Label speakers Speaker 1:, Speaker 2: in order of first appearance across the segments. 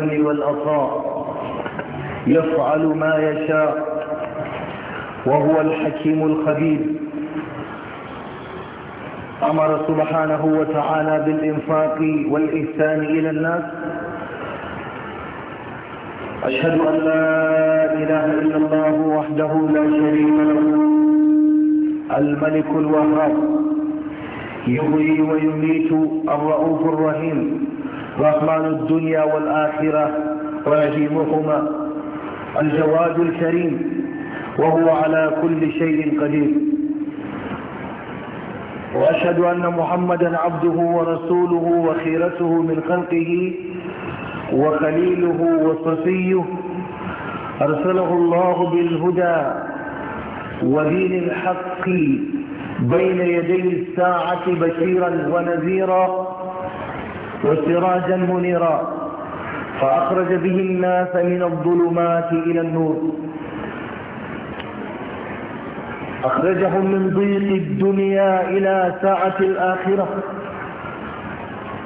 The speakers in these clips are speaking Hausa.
Speaker 1: والأطاء يفعل ما يشاء وهو الحكيم الخبير أمر سبحانه وتعالى بالإنفاق والإحسان إلى الناس أشهد أن لا إله إلا الله وحده لا شريك له الملك الوهاب يغري ويميت الرؤوف الرحيم رحمن الدنيا والآخرة ورحيمهما الجواد الكريم وهو على كل شيء قدير وأشهد أن محمدا عبده ورسوله وخيرته من خلقه
Speaker 2: وخليله
Speaker 1: وصفيه أرسله الله بالهدى ودين الحق بين يدي الساعة بشيرا ونذيرا وسراجا منيرا فأخرج به الناس من الظلمات إلى النور أخرجهم من ضيق الدنيا إلى ساعة الآخرة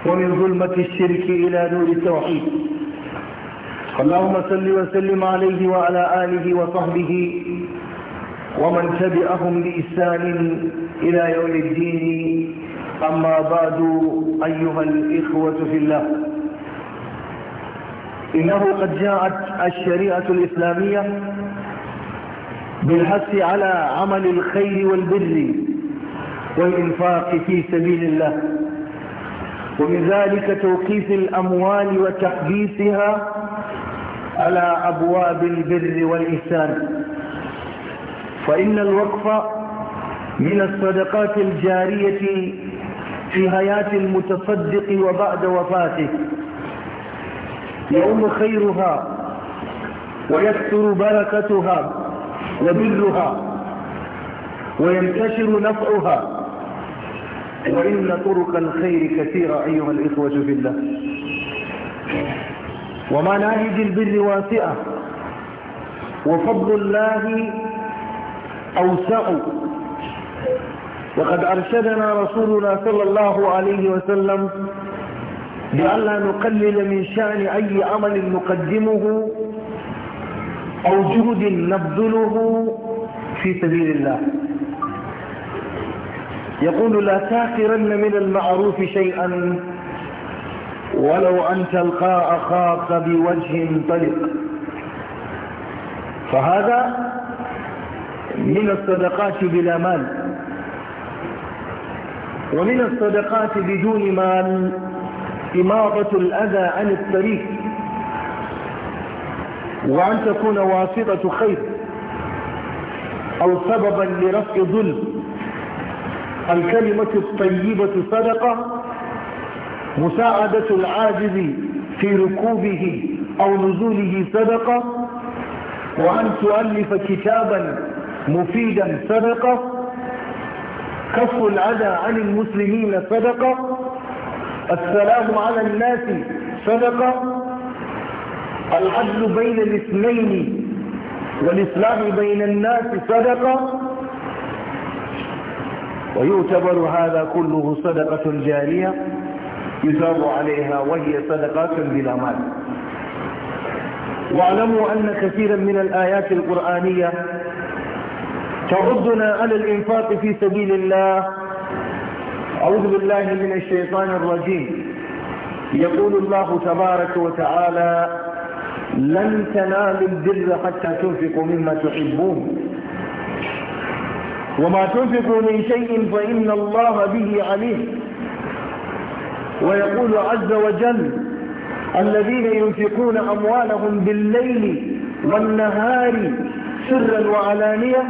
Speaker 1: ومن ظلمة الشرك إلى نور التوحيد اللهم صل وسلم عليه وعلى آله وصحبه ومن تبعهم بإحسان إلى يوم الدين أما بعد أيها الإخوة في الله إنه قد جاءت الشريعة الإسلامية بالحث على عمل الخير والبر والإنفاق في سبيل الله ومن ذلك توقيف الأموال وتحديثها على أبواب البر والإحسان فإن الوقف من الصدقات الجارية في حياة المتصدق وبعد وفاته يوم خيرها ويكثر بركتها وبرها وينتشر نفعها وإن طرق الخير كثيرة أيها الإخوة في الله ومناهج البر واسعة وفضل الله أوسع وقد أرشدنا رسولنا صلى الله عليه وسلم بألا نقلل من شأن أي عمل نقدمه أو جهد نبذله في سبيل الله يقول لا تاخرن من المعروف شيئا ولو أن تلقى أخاك بوجه طلق فهذا من الصدقات بلا مال ومن الصدقات بدون مال إماضة الأذى عن الطريق وأن تكون واسطة خير أو سببا لرفع ظلم الكلمة الطيبة صدقة مساعدة العاجز في ركوبه أو نزوله صدقة وأن تؤلف كتابا مفيدا صدقة كف الأذى عن المسلمين صدقة السلام على الناس صدقة العدل بين الاثنين والإسلام بين الناس صدقة ويعتبر هذا كله صدقة جارية يثاب عليها وهي صدقات بلا مال واعلموا أن كثيرا من الآيات القرآنية تعدنا على الإنفاق في سبيل الله أعوذ بالله من الشيطان الرجيم يقول الله تبارك وتعالى لن تنالوا البر حتى تنفقوا مما تحبون وما تنفقوا من شيء فإن الله به عليم ويقول عز وجل الذين ينفقون أموالهم بالليل والنهار سرا وعلانية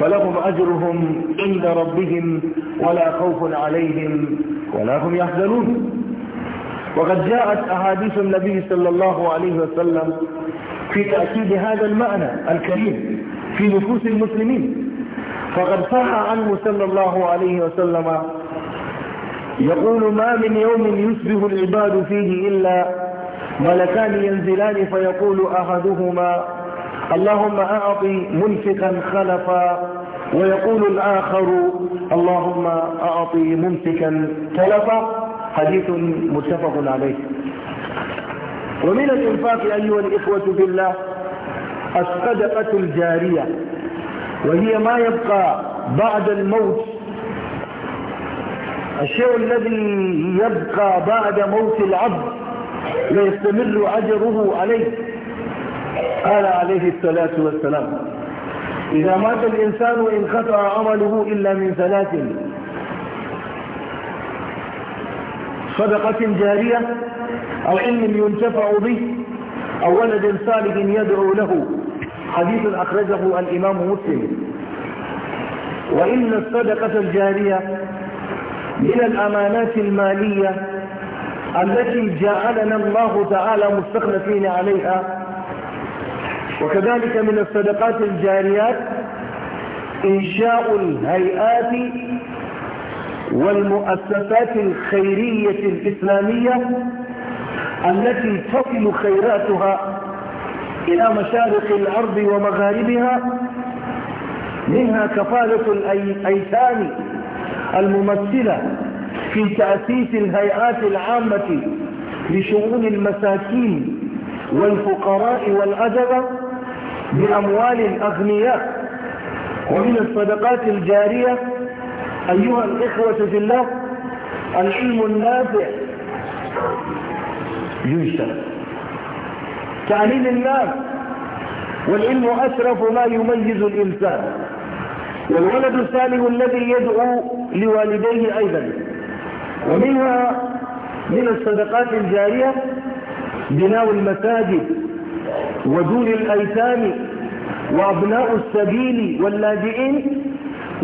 Speaker 1: فلهم أجرهم عند ربهم ولا خوف عليهم ولا هم يحزنون وقد جاءت أحاديث النبي صلى الله عليه وسلم في تأكيد هذا المعنى الكريم في نفوس المسلمين فقد صح عنه صلى الله عليه وسلم يقول ما من يوم يشبه العباد فيه إلا ملكان ينزلان فيقول أحدهما اللهم أعط منفقا خلفا ويقول الآخر اللهم أعط منفقا تلفا حديث متفق عليه ومن الإنفاق أيها الإخوة بالله الصدقة الجارية وهي ما يبقى بعد الموت الشيء الذي يبقى بعد موت العبد ويستمر أجره عليه قال عليه الصلاة والسلام إذا مات الإنسان إن خطع عمله إلا من ثلاث صدقة جارية أو علم ينتفع به أو ولد صالح يدعو له حديث أخرجه الإمام مسلم وإن الصدقة الجارية من الأمانات المالية التي جعلنا الله تعالى مستخلفين عليها وكذلك من الصدقات الجاريات إنشاء الهيئات والمؤسسات الخيرية الإسلامية التي تصل خيراتها إلى مشارق الأرض ومغاربها منها كفالة الأيتام الممثلة في تأسيس الهيئات العامة لشؤون المساكين والفقراء والأدبة بأموال الأغنياء ومن الصدقات الجارية أيها الإخوة في الله العلم النافع ينشر تعليم الناس والعلم أشرف ما يميز الإنسان والولد الصالح الذي يدعو لوالديه أيضا ومنها من الصدقات الجارية بناء المساجد ودون الأيتام وأبناء السبيل واللاجئين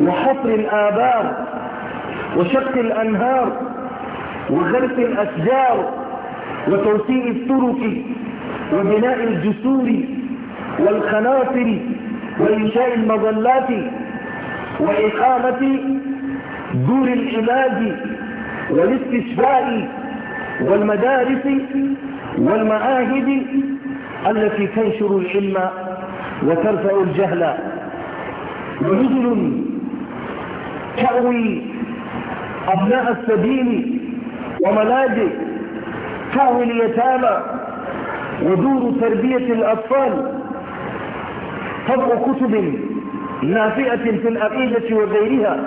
Speaker 1: وحفر الآبار وشق الأنهار وغرق الأشجار وتوسيع الطرق وبناء الجسور والخناصر وإنشاء المظلات وإقامة دور العلاج والاستشفاء والمدارس والمعاهد التي تنشر العلم وترفع الجهل ونزل تأوي أبناء السبيل وملاجئ تأوي اليتامى ودور تربية الأطفال طبع كتب نافئة في الأقيدة وغيرها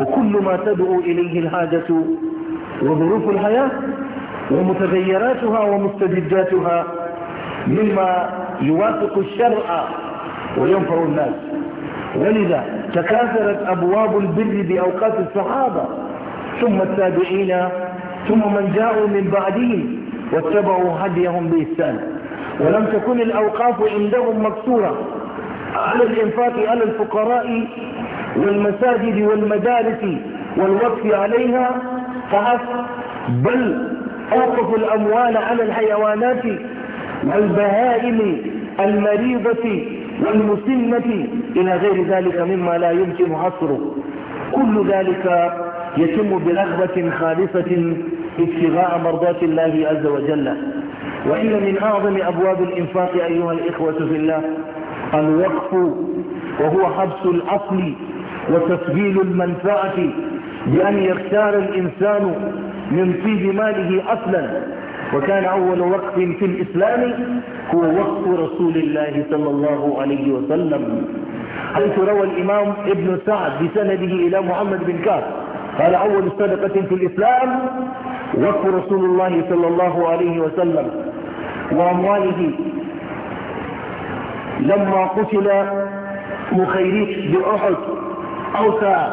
Speaker 1: وكل ما تدعو إليه الحاجة وظروف الحياة ومتغيراتها ومستجداتها مما يوافق الشرع وينفع الناس ولذا تكاثرت أبواب البر بأوقات الصحابة ثم التابعين ثم من جاءوا من بعدهم واتبعوا هديهم بإحسان ولم تكن الأوقاف عندهم مكسورة على الإنفاق على الفقراء والمساجد والمدارس والوقف عليها فحسب بل أوقفوا الأموال على الحيوانات والبهائم المريضة والمسنة إلى غير ذلك مما لا يمكن حصره كل ذلك يتم برغبة خالصة ابتغاء مرضات الله عز وجل وإن من أعظم أبواب الإنفاق أيها الإخوة في الله الوقف وهو حبس الأصل وتسجيل المنفعة بأن يختار الإنسان من طيب ماله أصلا وكان أول وقت في الإسلام هو وقت رسول الله صلى الله عليه وسلم حيث روى الإمام ابن سعد بسنده إلى محمد بن كعب قال أول صدقة في الإسلام وقف رسول الله صلى الله عليه وسلم وأمواله لما قتل مخيريك بأحد أوسع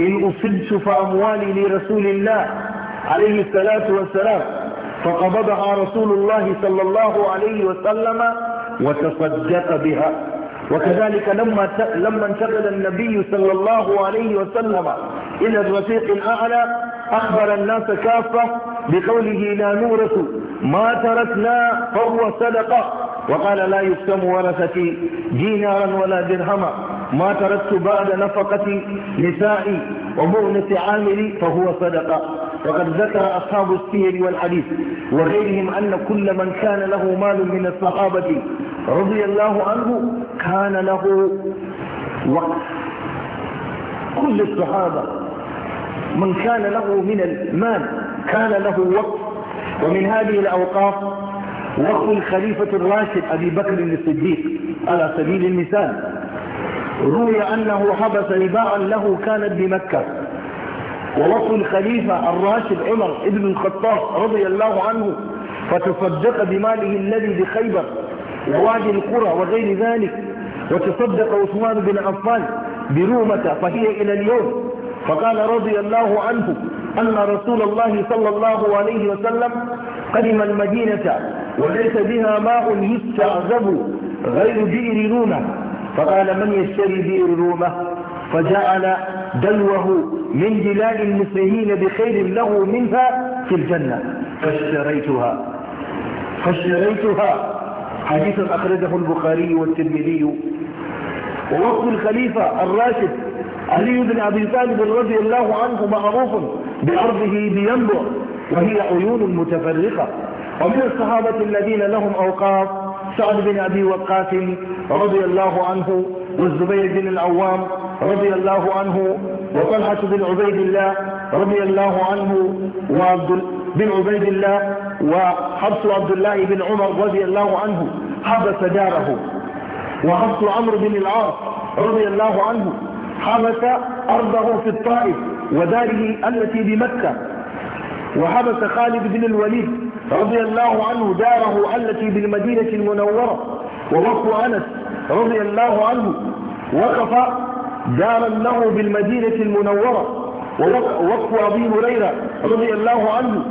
Speaker 1: إن أصبت فأموالي لرسول الله عليه الصلاة والسلام فقبضها رسول الله صلى الله عليه وسلم وتصدق بها وكذلك لما لما انتقل النبي صلى الله عليه وسلم إلى الرفيق الأعلى أخبر الناس كافة بقوله لا نورث ما تركنا فهو صدقة وقال لا يقسم ورثتي دينارا ولا درهما ما تركت بعد نفقتي نسائي ومؤنة عاملي فهو صدقة وقد ذكر أصحاب السير والحديث وغيرهم أن كل من كان له مال من الصحابة رضي الله عنه كان له وقت كل الصحابة من كان له من المال كان له وقت ومن هذه الأوقاف وقت الخليفة الراشد أبي بكر الصديق على سبيل المثال روي أنه حبس رباعا له كانت بمكة ووصوا الخليفة الراشد عمر بن الخطاب رضي الله عنه فتصدق بماله الذي بخيبر ووادي القرى وغير ذلك وتصدق عثمان بن عفان برومة فهي إلى اليوم فقال رضي الله عنه أن رسول الله صلى الله عليه وسلم قدم المدينة وليس بها ماء يستعذب غير بئر رومة فقال من يشتري بئر رومة فجعل دلوه من جلال المسلمين بخير له منها في الجنة فاشتريتها فاشتريتها حديث أخرجه البخاري والترمذي ووقت الخليفة الراشد علي بن أبي طالب رضي الله عنه معروف بأرضه بينبع وهي عيون متفرقة ومن الصحابة الذين لهم أوقاف سعد بن أبي وقاص رضي الله عنه والزبير بن العوام رضي الله عنه وطلحة بن عبيد الله رضي الله عنه وعبد بن عبيد الله وحفص عبد الله بن عمر رضي الله عنه حبس داره وحفص عمرو بن العاص رضي الله عنه حبس أرضه في الطائف وداره التي بمكة وحبس خالد بن الوليد رضي الله عنه داره التي بالمدينة المنورة ووقف أنس رضي الله عنه وقف دارا له بالمدينة المنورة ووقف أبي هريرة رضي الله عنه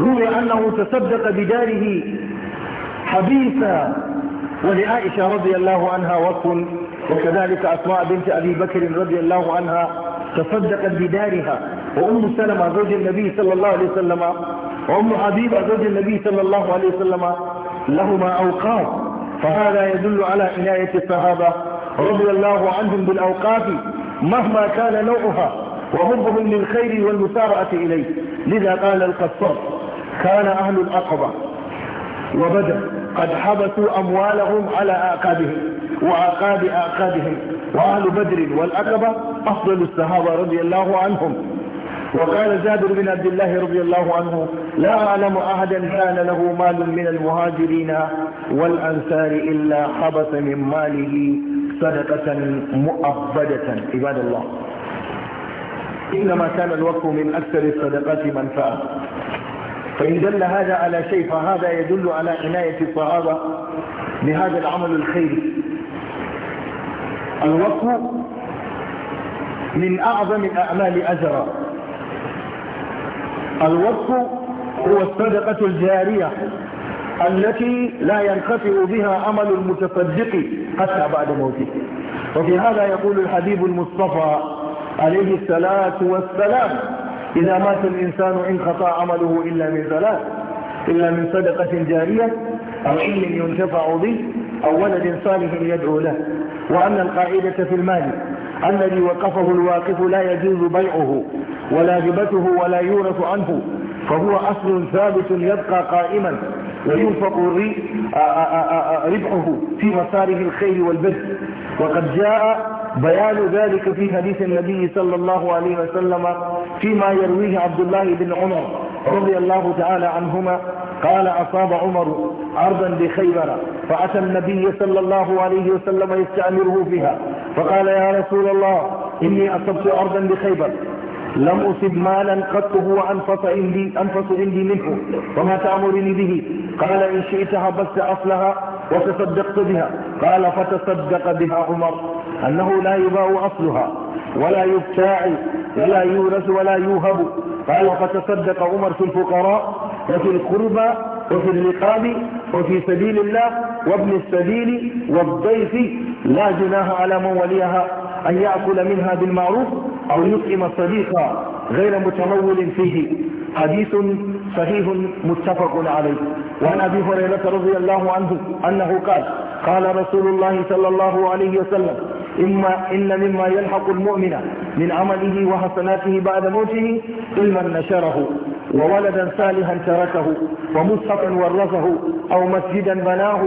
Speaker 1: روي أنه تصدق بداره حبيثا ولعائشة رضي الله عنها وقف وكذلك أسماء بنت أبي بكر رضي الله عنها تصدقت بدارها وأم سلمة زوج النبي صلى الله عليه وسلم وأم حبيبة زوج النبي صلى الله عليه وسلم لهما أوقات فهذا يدل على عناية الصحابة رضي الله عنهم بالأوقاف مهما كان نوعها من للخير والمسارعة إليه لذا قال القصر كان أهل العقبة وبدر قد حبسوا أموالهم على أعقابهم وأعقاب أعقابهم وأهل بدر والعقبة أفضل الصحابة رضي الله عنهم وقال جابر بن عبد الله رضي الله عنه لا أعلم أحدا كان له مال من المهاجرين والأنصار إلا حبس من ماله صدقة مؤبدة عباد الله إنما كان الوقف من أكثر الصدقات منفعة فإن دل هذا على شيء فهذا يدل على عناية الصحابة بهذا العمل الخيري الوقف من أعظم الأعمال أجرا الوصف هو الصدقة الجارية التي لا ينقطع بها عمل المتصدق حتى بعد موته وفي هذا يقول الحبيب المصطفى عليه الصلاة والسلام إذا مات الإنسان انقطع عمله إلا من ثلاث إلا من صدقة جارية أو علم ينتفع به أو ولد صالح يدعو له وأن القاعدة في المال الذي وقفه الواقف لا يجوز بيعه ولا هبته ولا يورث عنه فهو أصل ثابت يبقى قائما وينفق ربحه في مساره الخير والبر وقد جاء بيان ذلك في حديث النبي صلى الله عليه وسلم فيما يرويه عبد الله بن عمر رضي الله تعالى عنهما قال أصاب عمر عرضا بخيبر فأتى النبي صلى الله عليه وسلم يستأمره فيها فقال يا رسول الله إني أصبت عرضا بخيبر لم أصب مالا قط هو أنفس عندي, أنفس عندي منه وما تأمرني به قال إن شئت هبست أصلها وتصدقت بها قال فتصدق بها عمر أنه لا يباع أصلها ولا يبتاع ولا يورث ولا يوهب قال وقد تصدق عمر في الفقراء وفي القربى وفي الرقاب وفي سبيل الله وابن السبيل والضيف لا جناه على من وليها أن يأكل منها بالمعروف أو يطعم صديقا غير متمول فيه حديث صحيح متفق عليه وعن أبي هريرة رضي الله عنه أنه قال قال رسول الله صلى الله عليه وسلم إما إن مما يلحق المؤمن من عمله وحسناته بعد موته علما نشره وولدا صالحا تركه ومصحفا ورثه أو مسجدا بناه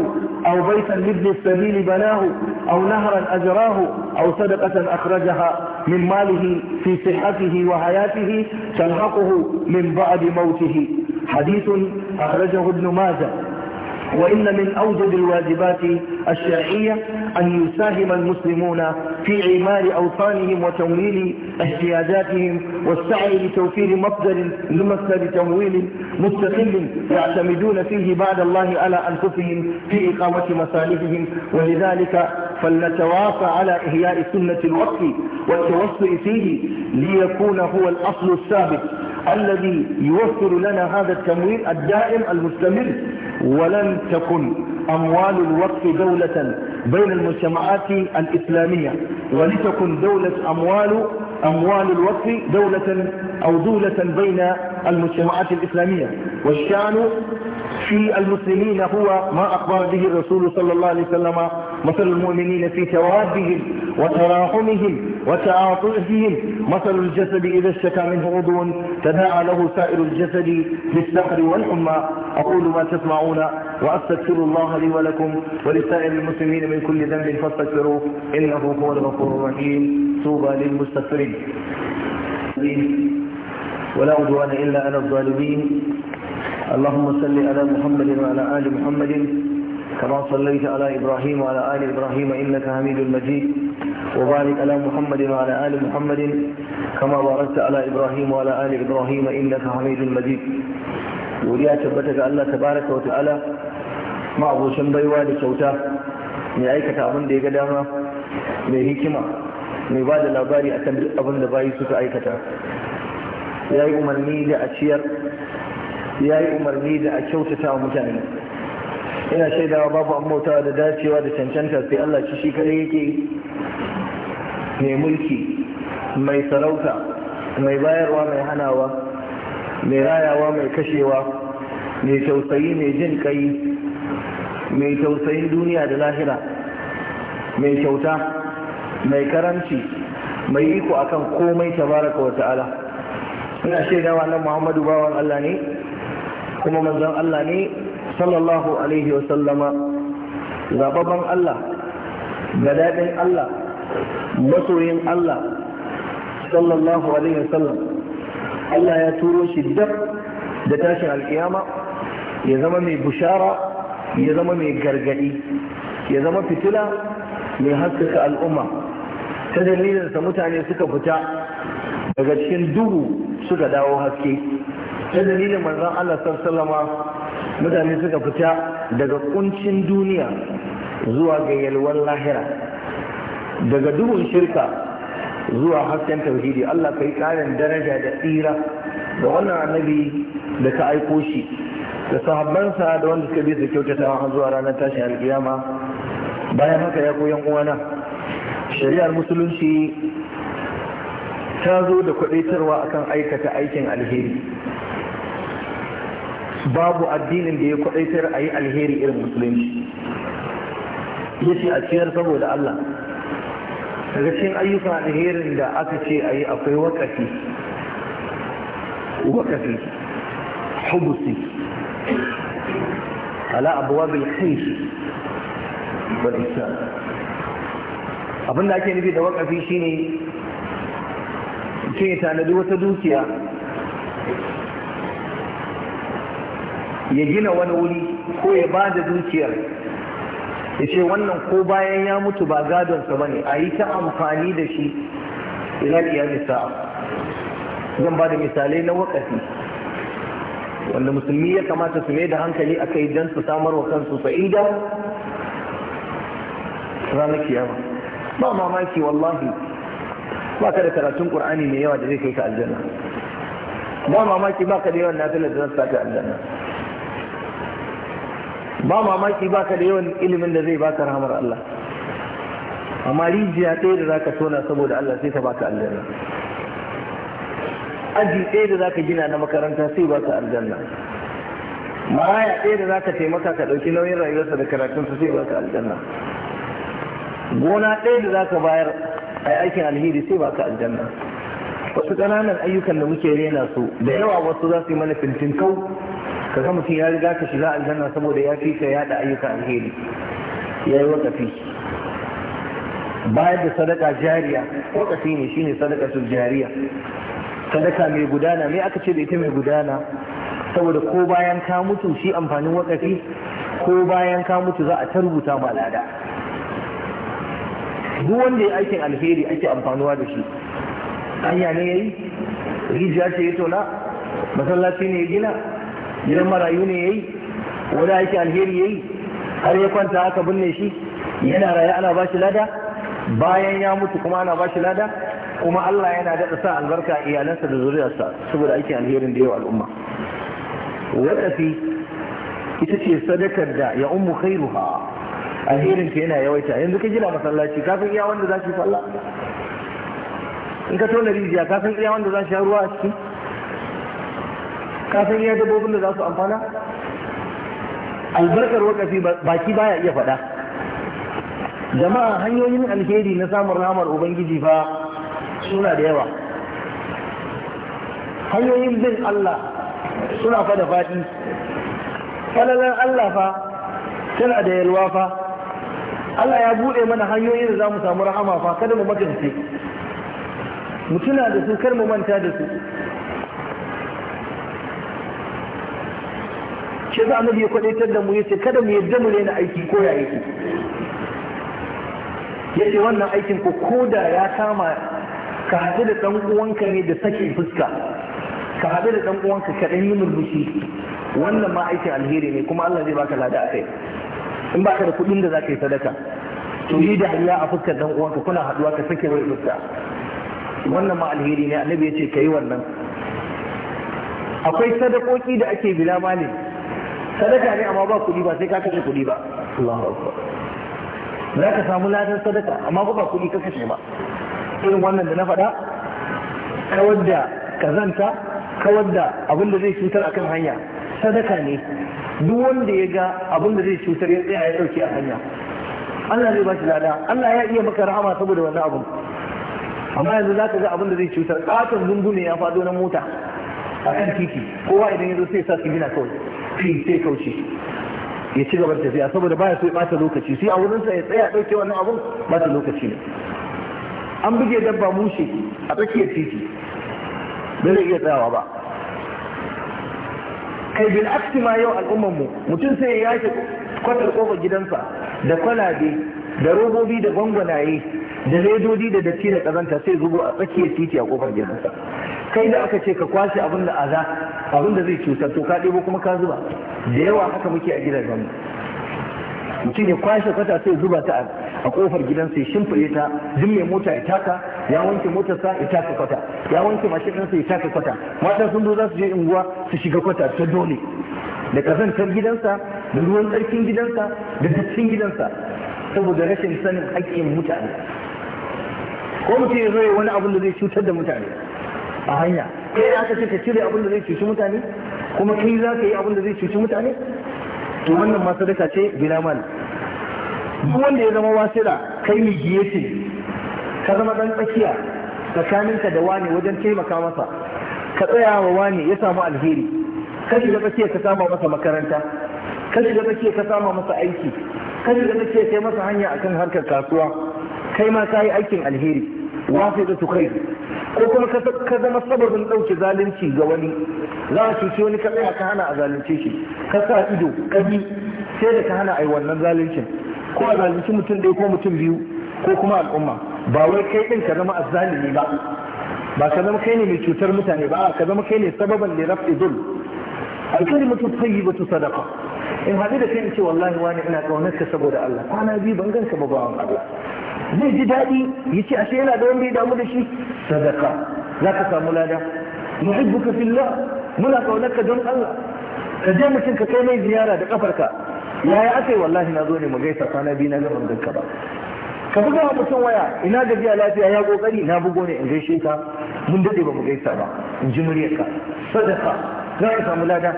Speaker 1: أو بيتا لابن السبيل بناه أو نهرا أجراه أو صدقة أخرجها من ماله في صحته وحياته تلحقه من بعد موته حديث أخرجه ابن ماجه وإن من أوجب الواجبات الشرعية أن يساهم المسلمون في عمال أوطانهم وتمويل احتياجاتهم والسعي لتوفير مصدر لمصدر تمويل مستقل يعتمدون فيه بعد الله على أنفسهم في إقامة مصالحهم ولذلك فلنتواصى على إحياء سنة الوقت والتوسع فيه ليكون هو الأصل الثابت الذي يوفر لنا هذا التمويل الدائم المستمر ولن تكن أموال الوقف دولة بين المجتمعات الإسلامية ولتكن دولة أموال أموال الوقف دولة أو دولة بين المجتمعات الإسلامية والشأن في المسلمين هو ما أخبر به الرسول صلى الله عليه وسلم مثل المؤمنين في توابهم وتراحمهم وتعاطئهم مثل الجسد إذا اشتكى منه عضو تداعى له سائر الجسد بالسحر والحمى أقول ما تسمعون وأستغفر الله لي ولكم ولسائر المسلمين من كل ذنب فاستغفروه إنه هو الغفور الرحيم توبى للمستغفرين ولا عدوان إلا على الظالمين اللهم صل على محمد وعلى آل محمد كما صليت على إبراهيم وعلى آل إبراهيم إنك حميد مجيد وبارك على محمد وعلى آل محمد كما باركت على إبراهيم وعلى آل إبراهيم إنك حميد مجيد وليا تبتك الله تبارك وتعالى ما أبو شنبي والي سوتا من أيكة أبن دي قدامة من هكما mai ba da labari a kan abin da bayi suka ايه ya yi umarni da a ciyar ya ina shaidawa babu an bauta da dacewa da cancanta sai Allah shi shi kare yake mai mulki mai sarauta mai bayarwa mai hanawa mai rayawa mai kashewa mai tausayi mai jin kai mai tausayin duniya da lahira mai kyauta mai karanci mai iko akan komai tabaraka wa ta'ala ina shaidawa nan Muhammadu bawan Allah ne kuma manzon Allah ne sallallahu alaihi wa sallama zababban Allah ga daɗin Allah masoyin Allah sallallahu alaihi wa sallam Allah ya turo shi dab da tashin alkiyama ya zama mai bushara ya zama mai gargadi ya zama fitila mai haskaka al'umma ta dalilinsa mutane suka fita daga cikin duhu suka dawo haske ta dalilin manzon Allah sallama mutane suka fita daga kuncin duniya zuwa ga yalwar lahira daga duhun shirka zuwa hasken tauhidi Allah ka yi karin daraja da tsira da wannan annabi da ka aiko shi da sahabbansa da wanda suka bi su kyautata zuwa ranar tashin alkiyama bayan haka ya koyan uwana shari'ar musulunci ta zo da kwadaitarwa akan aikata aikin alheri babu addinin da ya sayar a yi alheri irin musulunci ya ce a ciyar saboda Allah daga cikin ayyukan alherin da aka ce a yi akwai wakafi wakafi hubusi ala abuwa bil khair wal ihsan abinda ake nufi da wakafi shine shine tanadi wata dukiya ya gina wani wuri ko ya ba da dukiyar ya ce wannan ko bayan ya mutu ba gadonsa ba ne a yi ta amfani da shi ila kiyamisa zan ba da misalai na wakati wanda musulmi ya kamata su mai da hankali a kai don su samar wa kansu fa'ida ranar kiyama ba mamaki wallahi ba ka da karatun qur'ani mai yawa da zai kai ka aljanna ba mamaki ba ka da yawan nafilar da zai sa ka aljanna ba mamaki baka da yawan ilimin da zai baka rahamar Allah amma rijiya ɗaya da zaka tona saboda Allah sai ka baka aljanna aji ɗaya da zaka gina na makaranta sai baka aljanna maraya ɗaya da zaka taimaka ka ɗauki nauyin rayuwarsa da karatunsa sai baka aljanna gona ɗaya da zaka bayar a aikin alheri sai baka aljanna wasu ƙananan ayyukan da muke rena su da yawa wasu za su yi mana fintinkau ka ga mutum ya riga ka shiga aljanna saboda ya fi ka yada ayyuka alheri ya yi wakafi bayar da sadaka jariya wakafi ne shine sadaka su jariya sadaka mai gudana me aka ce da ita mai gudana saboda ko bayan ka mutu shi amfanin wakafi ko bayan ka mutu za a ta rubuta ma lada duk wanda ya aikin alheri ake amfanuwa da shi hanya ne ya yi rijiya ce ya tona masallaci ne ya gina gidan marayu ne ya yi, wani yake alheri ya yi, har ya kwanta aka binne shi yana raye ana ba shi lada bayan ya mutu kuma ana ba shi lada kuma Allah yana daɗa sa albarka a iyalansa da zuriyarsa saboda aikin alherin da yawa al'umma wadafi ita ce sadakar da ya ummu khairuha alherin ta yana yawaita yanzu ka gina masallaci kafin iya wanda za shi sallah in ka tona rijiya kafin iya wanda za shi ruwa a ciki kasan san iya dabbobin da za su amfana albarkar wakafi baki baya iya faɗa jama'a hanyoyin alheri na samun ramar ubangiji fa suna da yawa hanyoyin bin Allah suna fa da faɗi falalar Allah fa tana da yalwa fa Allah ya buɗe mana hanyoyin da za mu samu rahama fa kada mu makance mu tuna da su kar mu manta da su shi za mu ya kwadaitar da mu yace kada mu yadda mu rena aiki ko ya yake yace wannan aikin ko koda ya kama ka haɗu da ɗan uwanka ne da sake fuska ka haɗu da ɗan uwanka ka ɗan yi murmushi wannan ma aikin alheri ne kuma Allah zai baka lada akai in baka da kuɗin da zaka yi sadaka to yi da hanya a fuskar ɗan uwanka kuna haɗuwa ka sake mai fuska wannan ma alheri ne annabi ya ce ka yi wannan akwai sadakoki da ake bila malin sadaka ne amma ba kuɗi ba sai ka kashe kuɗi ba Allahu akbar za ka samu ladan sadaka amma ba kuɗi ka kashe ba irin wannan da na faɗa kawar da kazanta kawar da abin da zai cutar akan hanya sadaka ne duk wanda ya ga abin da zai cutar ya tsaya ya a hanya Allah zai ba shi lada Allah ya iya maka rahama saboda wannan abin amma yanzu za ka ga abin da zai cutar ƙaton zungu ne ya faɗo na mota a kan titi kowa idan ya zo sai sa su gina kawai fi sai kauce ya ci gaba tafiya saboda baya so ya bata lokaci sai a wurinsa ya tsaya dauke wannan abun bata lokaci ne an buge dabba mushe a tsakiyar titi bai zai iya tsayawa ba kai bin aksi ma yau al'ummar mu mutum sai ya yake kwatar kofar gidansa da kwalabe da robobi da gwangwanaye da ledodi da datti da kazanta sai zubo a tsakiyar titi a kofar gidansa kai da aka ce ka kwashe abin da aza abin da zai cutar to ka ɗebo kuma ka zuba da yawa haka muke a gidajen mu mutum ya kwashe kwata sai zuba ta a kofar gidan ya shimfiɗe ta duk mota ya taka ya wanke sa ya taka kwata ya wanke mashin ɗinsa ya taka kwata mata sun zo za su je unguwa su shiga kwata ta dole da kazantar gidansa da ruwan tsarkin gidansa da dattin gidansa saboda rashin sanin haƙƙin mutane ko mutum ya zo ya wani abin da zai cutar da mutane a hanya kai aka ce ka cire abin da zai cuci mutane kuma kai za ka yi abin da zai cuci mutane to wannan ma sadaka ce bila mal duk wanda ya zama wasila kai mi giye ce ka zama dan tsakiya tsakaninka da wani wajen taimaka masa ka tsaya wa wani ya samu alheri ka shiga tsakiya ka sama masa makaranta ka shiga tsakiya ka sama masa aiki ka shiga tsakiya kai masa hanya akan harkar kasuwa kai ma ka yi aikin alheri wafi da su kai ko kuma ka zama sababin ɗauke zalunci ga wani za a cuci wani ka tsaya ka hana a zalunce shi ka sa ido ka bi, sai da ka hana a yi wannan zaluncin ko a zalunci mutum ɗaya ko mutum biyu ko kuma al'umma ba wai kai ɗin ka zama azzalimi ba ba ka zama kai ne mai cutar mutane ba ka zama kai ne sababan da rafi dul alkalimatu tayyibatu sadaka in haɗu da kai ce wallahi wani ina ƙaunar ka saboda Allah kwana biyu ban gan ka ba bawan Allah zai ji daɗi ya ce ashe yana da wanda ya damu da shi sadaka za ka samu lada nuhibbuka fillah muna kaunarka don Allah ka je mutum ka kai mai ziyara da kafarka yaya aka yi wallahi na zo ne mu gaisa kwana biyu na gaban ganka ba ka buga wa mutum waya ina da biya lafiya ya kokari na bugo ne in gaishe ka mun dade ba mu gaisa ba in ji muryarka sadaka za ka samu lada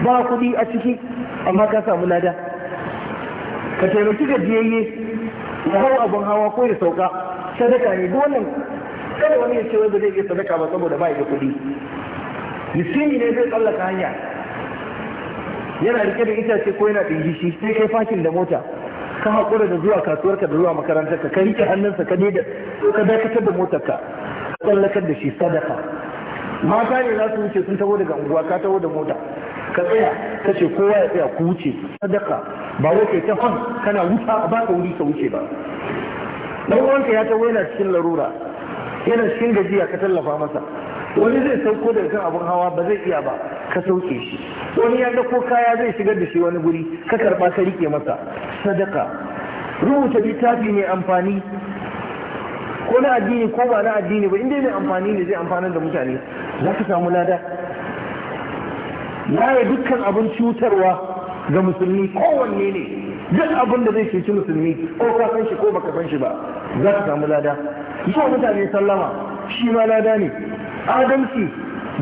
Speaker 1: ba kuɗi a ciki amma ka samu lada ka taimaki gajiyayye ya hau abin hawa ko ya sauka sadaka ne dole wannan kada wani ya ce wanda zai iya sadaka ba saboda ba ya da kuɗi miskini ne zai tsallaka hanya yana rike da itace ko yana shi. sai kai fakin da mota ka haƙura da zuwa kasuwarka da zuwa makarantarka ka rike hannunsa ka da ka dakatar da motarka tsallakar da shi sadaka mata ne za su wuce sun taho daga unguwa ka taho da mota ka tsaya ka ce kowa ya tsaya ku wuce sadaka ba wai kai ta hon kana wuta ba ka wuri ka wuce ba dan uwanka ya taho yana cikin larura yana cikin gajiya ka tallafa masa wani zai sauko da kan abin hawa ba zai iya ba ka sauke shi wani ya ko kaya zai shigar da shi wani guri ka karba ka rike masa sadaka rubuta littafi mai amfani ko na addini ko ba na addini ba inda mai amfani ne zai amfanar da mutane za ka samu lada ya dukkan abin cutarwa ga musulmi kowanne ne duk abin da zai cuci musulmi ko ka san shi ko baka san shi ba za ka samu lada zuwa mutane sallama shi ma lada ne adalci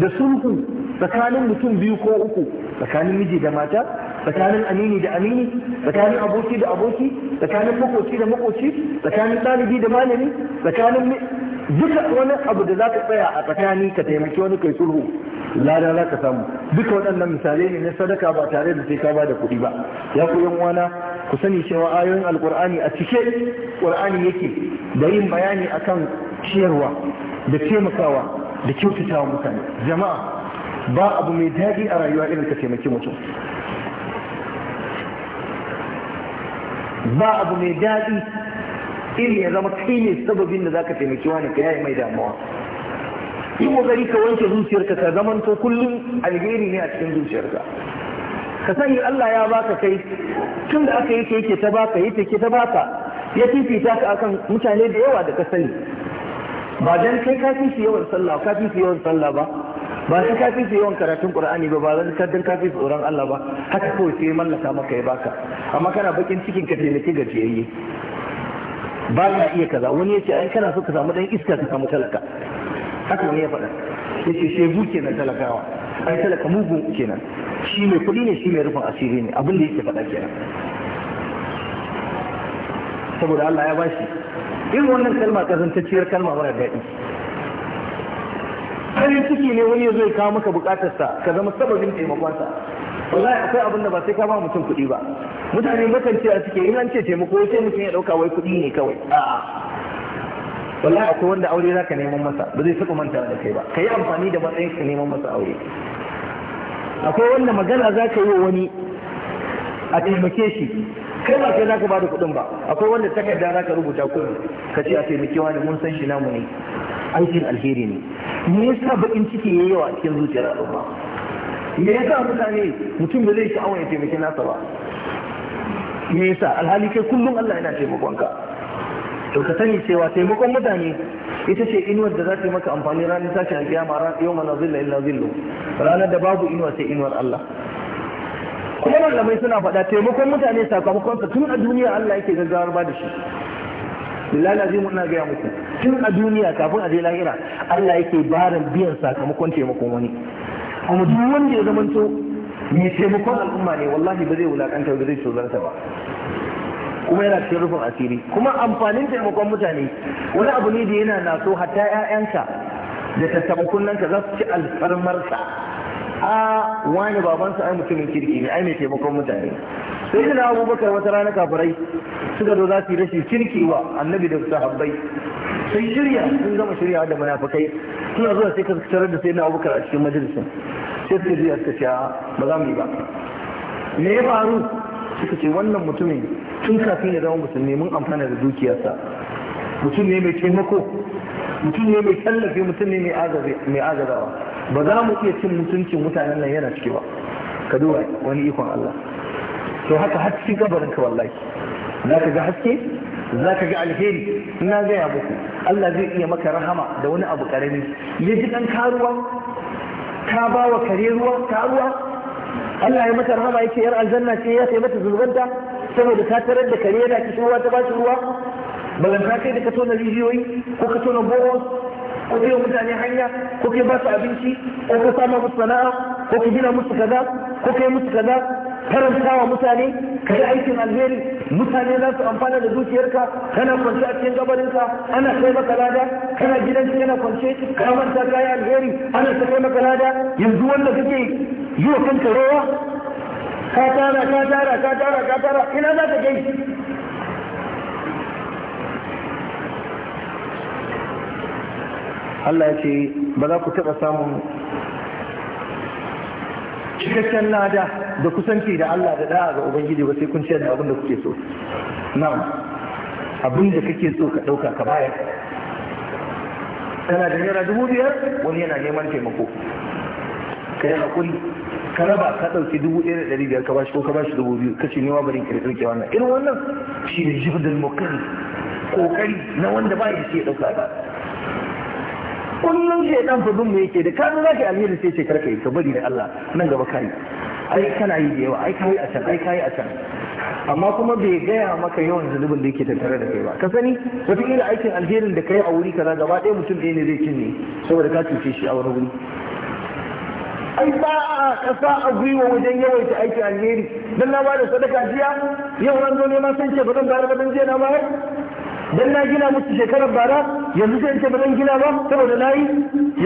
Speaker 1: da sulhu tsakanin mutum biyu ko uku tsakanin miji da mata tsakanin amini da amini tsakanin aboki da aboki tsakanin makoci da makoci tsakanin ɗalibi da malami tsakanin duka wani abu da za ka tsaya a tsakani ka taimaki wani kai sulhu lada za ka samu duka waɗannan misalai ne na sadaka ba tare da sai ka ba da kuɗi ba ya ku yan wana ku sani cewa ayoyin alkur'ani a cike qur'ani yake da yin bayani akan ciyarwa da taimakawa da kyautatawa mutane jama'a ba abu mai daɗi a rayuwa irin ka taimaki mutum ba abu mai daɗi irin ya zama kai ne sababin da zaka taimaki wani ka yayi mai damuwa yi kokari ka wanke zuciyarka ka zamanto kullum alheri ne a cikin zuciyarka ka sani Allah ya baka kai tun da aka yi ke yake ta baka yake take ta baka ya fifita ka akan mutane da yawa da ka sani ba dan kai ka fi yawan sallah ka fi yawan sallah ba ba sai ka fi yawan karatun qur'ani ba ba zan ka dan ka fi tsoron Allah ba haka kawai sai mallaka maka ya baka amma kana bakin cikin ka taimaki gajiyayye ba ya iya kaza wani yace ai kana so ka samu dan iska ka samu talaka haka ne ya faɗa yace ce shegu kenan talakawa ai talaka mugun kenan shi mai kuɗi ne shi mai rufin asiri ne abin da yake faɗa kenan saboda Allah ya ba shi irin wannan kalma kasantacciyar kalma mara daɗi farin ciki ne wani ya kawo maka sa ka zama sababin sa, wallahi akwai abin da ba sai ka ba mutum kuɗi ba mutane makan ce a suke in an ce taimako sai mutum ya ɗauka wai kuɗi ne kawai a'a wallahi akwai wanda aure za ka neman masa ba zai saka manta da kai ba ka yi amfani da matsayin ka neman masa aure akwai wanda magana za ka yi wani a taimake shi kai ba kai za ka bada kuɗin ba akwai wanda takarda za ka rubuta ko ka ce a taimake wani mun san shi namu ne aikin alheri ne me yasa baƙin ciki yayi yawa cikin zuciyar al'umma me yasa mutane mutum ba zai sha'awar ya taimake nasa ba me yasa alhali kai kullum Allah yana taimakonka to ka sani cewa taimakon mutane ita ce inuwar da za ta yi maka amfani ranar tashin alkiyama ran yau mana zilla illa zillo ranar da babu inuwa sai inuwar Allah kuma malamai suna faɗa taimakon mutane sakamakon sa tun a duniya Allah yake gaggawar ba da shi billahi azimu ina gaya muku tun a duniya kafin a je lahira Allah yake barin biyan sakamakon taimakon wani kuma duk wanda ya zamanto mai taimakon al'umma ne wallahi ba zai wulakanta ba zai tozarta ba kuma yana cikin rufin asiri kuma amfanin taimakon mutane wani abu ne da yana naso hatta 'ya'yanka da tattabakunan ka za su ci sa. a wani babansa ai mutumin kirki ne ai mai taimakon mutane sai da abubakar wata rana kafirai suka zo za su yi rashin kirki wa annabi da sahabbai sai shirya sun gama shirya da munafukai suna zuwa sai ka tarar da sai na abubakar a cikin majalisin sai suka ji suka ce ba za mu yi ba me ya faru suka ce wannan mutumin tun kafin ya zama musulmi mun amfana da dukiyarsa mutum ne mai taimako mutum ne mai tallafi mutum ne mai agazawa ba za mu iya cin mutuncin mutanen nan yana ciki ba ka duba wani ikon Allah to haka har cikin kabarin ka wallahi za ka ga haske za ka ga alheri na gaya muku Allah zai iya maka rahama da wani abu karami ya ji dan karuwa ka ba wa kare ruwa karuwa Allah ya mata rahama yake yar aljanna ce ya kai mata zulganta saboda ka tarar da kare yana kishin ruwa ta ba shi ruwa balanta kai da ka tona rijiyoyi ko ka tona bohos ko kai mutane hanya ko kai ba su abinci ko ka sama musu sana'a ko ka gina musu kaza ko kai musu kaza karanta wa mutane ka aikin alheri mutane za su amfana da dukiyarka kana kwance a cikin gabarinka ana kai maka lada kana gidanka kana kwance ka manta kayan alheri ana kai maka lada yanzu wanda kake yi wa kanka rawa ka tara ka tara ka tara ka tara ina za ta kai Allah ya ce ba za ku taɓa samun cikakken lada da kusanci da Allah da da'a ga Ubangiji ba sai kun ciyar da abin da kuke so. Na'am. Abin da kake so ka ɗauka ka bayar. Kana da naira dubu biyar wani yana neman taimako. Ka yi haƙuri ka raba ka ɗauki dubu ɗaya da ɗari biyar ka bashi ko ka bashi dubu biyu ka ce ni ma bari ka ɗauke wannan irin wannan shi ne jibdal mukari kokari na wanda ba ya ce ya ɗauka ba kullum shaidan dan fudun mu yake da ka za ka alheri sai ce karka yi ka bari da Allah nan gaba kai ai kana yi da yawa ai kai a can ai kai a can amma kuma bai gaya maka yawan zunubin da yake tattare da kai ba ka sani wataƙila aikin alherin da kai a wuri kaza gaba ɗaya mutum ɗaya ne zai cinye saboda ka cuce shi a wani wuri ai ba a kasa a gwiwa wajen yawaita aikin alheri dan na bada sadaka jiya yau ran zo neman san ce ba zan bayar ba dan jiya na bayar dan na gina musu shekarar bara yanzu sai ce ba zan gina ba saboda nayi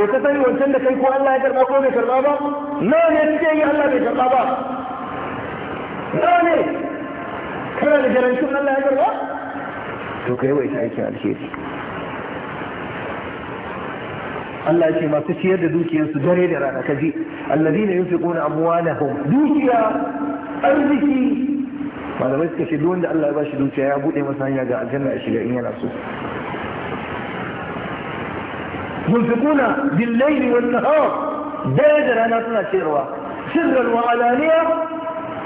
Speaker 1: ya ka sani wancan da kai ko Allah ya karba ko bai karba ba nawa ne suke yi Allah bai karba ba nawa ne kana da garantin Allah ya karba to kai wai aiki aikin alheri Allah ce masu ciyar da dukiyarsu dare da rana ka kaji allazina yunfiquna amwalahum dukiya arziki malamai suka ce duk wanda Allah ya bashi dukiya ya bude masa hanya ga aljanna ya shiga in yana so yunfiquna bil-layli wan-nahar dare da rana suna ciyarwa sirran wa alaniya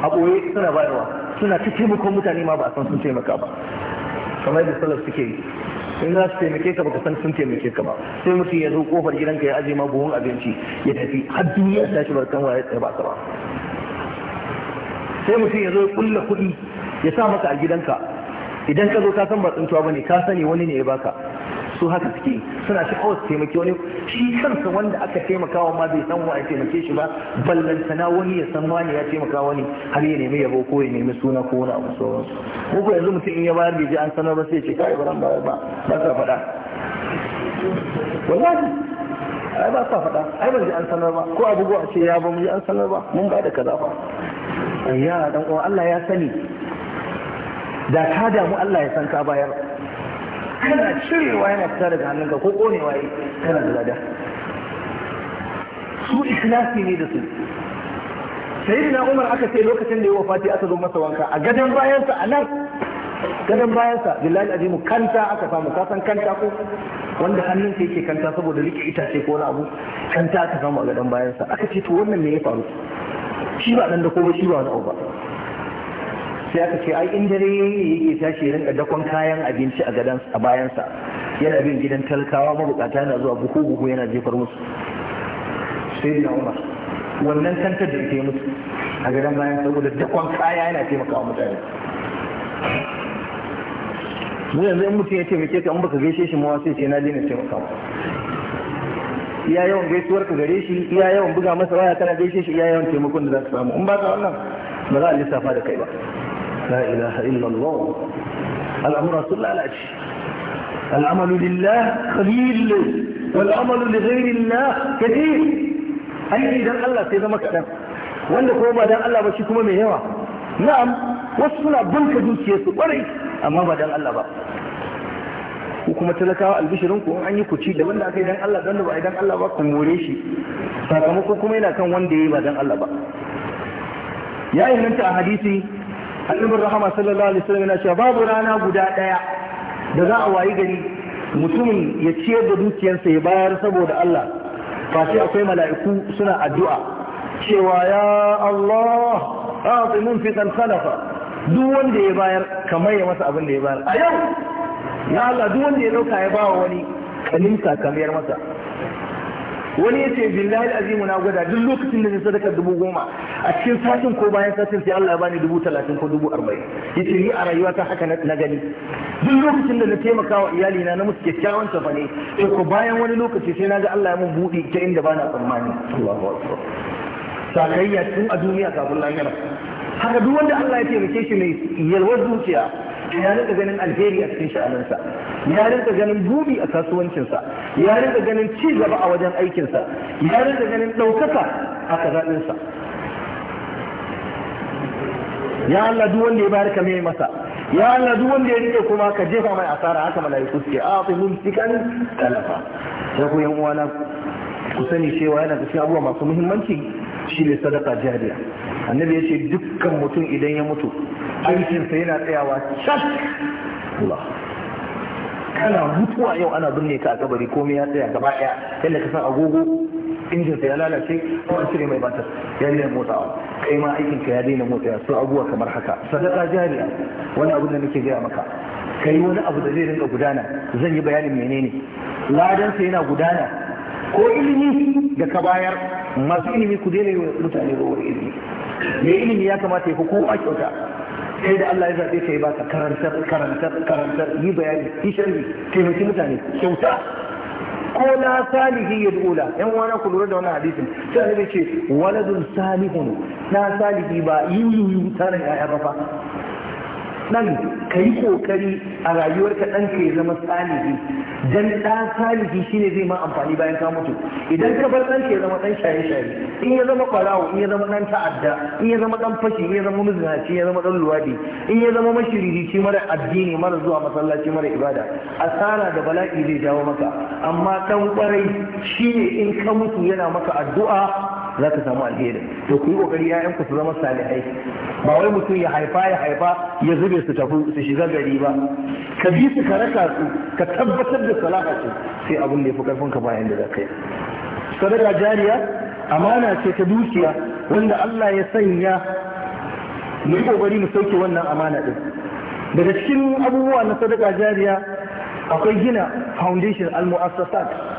Speaker 1: a boye suna bayarwa suna ta taimakon mutane ma ba a san sun taimaka ba kamar da salaf suke yi in za su taimake ka baka san sun taimake ka ba sai mutum ya zo kofar gidanka ya aje ma buhun abinci ya tafi har duniya ta shi barkan waye tsaye ba ka ba sai mutum ya zo ya kulla kuɗi ya sa maka a gidanka idan ka zo ka san ba tsuntuwa bane ka sani wani ne ya baka su haka suke suna shi su taimaki wani shi kansa wanda aka taimakawa ma bai san wa a taimake shi ba ballantana wani ya san wani ya taimaka wani har ya nemi yabo ko ya nemi suna ko wani abu sauransu ko ko yanzu mutum in ya bayar bai ji an sanar ba sai ya ce kai ba ba ba ba ka faɗa wallahi ai ba sa faɗa ai ban ji an sanar ba ko abubuwa ce ya ba mu ji an sanar ba mun ba da kaza fa ayya dan uwa Allah ya sani da ka damu Allah ya san ka bayar kana cirewa yana fita daga hannunka ko konewa yi kana da lada su ikilasi ne da su sayyidina umar aka ce lokacin da ya wafati aka zo masa wanka a gadon bayansa a nan gadon bayansa billahi azimu kanta aka samu kasan kanta ko wanda hannun sa yake kanta saboda rike itace ko wani abu kanta aka samu a gadon bayansa aka ce to wannan ne ya faru shi ba dan da ko shi ba wani abu ba sai aka ce ai in dare yake tashi rinka dakon kayan abinci a gadan a bayansa yana bin gidan talakawa mabukata yana zuwa buhu buhu yana jefar musu sai da umar wannan kantar da ita musu a gadan bayan saboda dakon kaya yana taimakawa mutane mu yanzu in mutum ya taimake ka in baka gaishe shi mawa sai ce na daina taimakawa iya yawan gaisuwar ka gare shi iya yawan buga masa waya kana gaishe shi iya yawan taimakon da za ka samu in ba ka wannan ba za a lissafa da kai ba لا إله إلا الله الأمر رسول الله العمل لله قليل والعمل لغير الله كثير أي اذا الله سيدنا مكتب وأن يقول ما دان الله بشيكم مهوة نعم وصلنا بلك جنسيس وري أما ما دان الله بقى وكما تلك البشرونك وعن يكتشي لو أنك إذن الله دان بقى إذن الله بقى كموريشي فكما كم يا أهل أنت أحاديثي annabin rahama sallallahu alaihi wasallam yana cewa babu rana guda daya da za a wayi gari mutumin ya ciyar da dukiyarsa ya bayar saboda Allah ba face akwai mala'iku suna addu'a cewa ya Allah a'ti munfiqan khalafa duk wanda ya bayar kamar ya masa abin da ya bayar a yau ya Allah duk wanda ya dauka ya bawa wani kalinka kamar masa wani ya ce billahi azimu na gwada duk lokacin da zai sadaka dubu goma a cikin satin ko bayan satin sai Allah ya bani dubu talatin ko dubu arba'in ya ce ni a ta haka na gani duk lokacin da na taimaka wa iyali na musu kyakkyawan tafa ne sai ko bayan wani lokaci sai na ga Allah ya mun buɗe ta inda bana tsammani Allahu akbar sakayya tun a duniya kafin lahira haka duk wanda Allah ya taimake shi mai yalwar zuciya ya rika ganin alheri a cikin sha'aninsa ya rinka ganin bubi a kasuwancinsa ya rinka ganin ci gaba a wajen aikinsa ya rinka ganin ɗaukaka a kazaɗinsa ya Allah duk wanda ya bayar ka mai masa ya Allah duk wanda ya rike kuma ka jefa mai asara haka mala'iku suke a ah, fi mumsikan talafa sai ku yan uwana ku sani cewa yana da abubuwa masu muhimmanci shi ne sadaka jariya annabi ya ce dukkan mutum idan ya mutu aikinsa yana tsayawa cak Allah kana mutuwa yau ana binne ka a kabari komai ya tsaya gaba ɗaya yadda ka san agogo injin ya lalace ko an cire mai batar ya daina motsawa kai ma aikin ka ya daina motsawa su abubuwa kamar haka sadaka jariya wani abu da nake gaya maka kai wani abu da zai rinka gudana zan yi bayanin menene ladan sa yana gudana ko ilimi da ka bayar masu ilimi ku daina yi mutane ruwan ilimi mai ilimi ya kamata ya fi kowa kyauta Sai da Allah ya zaɓe ka yi ka karantar karantar karantar yi bayani yi sharhi taimaki mutane kyauta ko la salihi ya dula yan wani ku lura da wannan hadisin sai annabi ce waladun salihun na salihi ba yuyuyu tare da ya'ya ba nan ka yi kokari a rayuwarka ɗan ka ya zama salihi dan da salihi shine zai ma amfani bayan ka mutu idan ka bar ɗanka ya zama ɗan shaye-shaye in ya zama ƙwarawo in ya zama ɗan ta'adda in ya zama ɗan fashi in ya zama in ya zama ɗan luwadi in ya zama mashiririci mara addini mara zuwa masallaci mara ibada asara da bala'i zai jawo maka amma ɗan ƙwarai shine in ka mutu yana maka addu'a za ka samu alheri to ku yi kokari ƴaƴan su zama salihai ba wai mutum ya haifa ya haifa ya zube su tafi su shiga gari ba ka bi su ka raka su ka tabbatar da salaha su sai abin da ya fi karfin ka bayan da za ka yi sadaka jariya amana ce ta dukiya wanda Allah ya sanya mu yi kokari mu sauke wannan amana din daga cikin abubuwa na sadaka jariya akwai gina foundation al-mu'assasat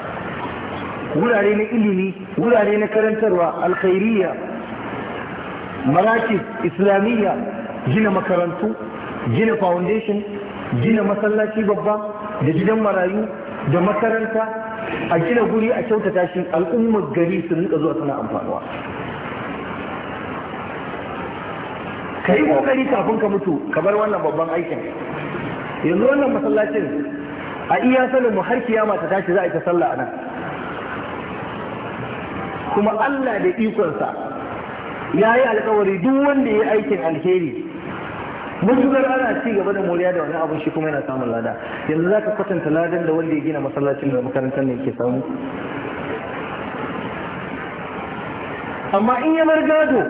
Speaker 1: wurare na ilimi wurare na karantarwa alkhairiyya marakis islamiyya gina makarantu gina foundation gina masallaci babba da gidan marayu da makaranta a gina guri a kyautata shi al'ummar gari su rika zuwa suna amfanuwa ka yi kokari kafin ka mutu ka bar wannan babban aikin yanzu wannan masallacin a iya sanin mu har kiyama ta tashi za a yi ta sallah a nan kuma Allah da ikonsa ya yi alkawari duk wanda ya yi aikin alheri Mutuwar ana ci gaba da moriya da wani abin shi kuma yana samun lada yanzu za ka kwatanta ladan da wanda ya gina masallacin da makarantar ne ke samu amma in ya gado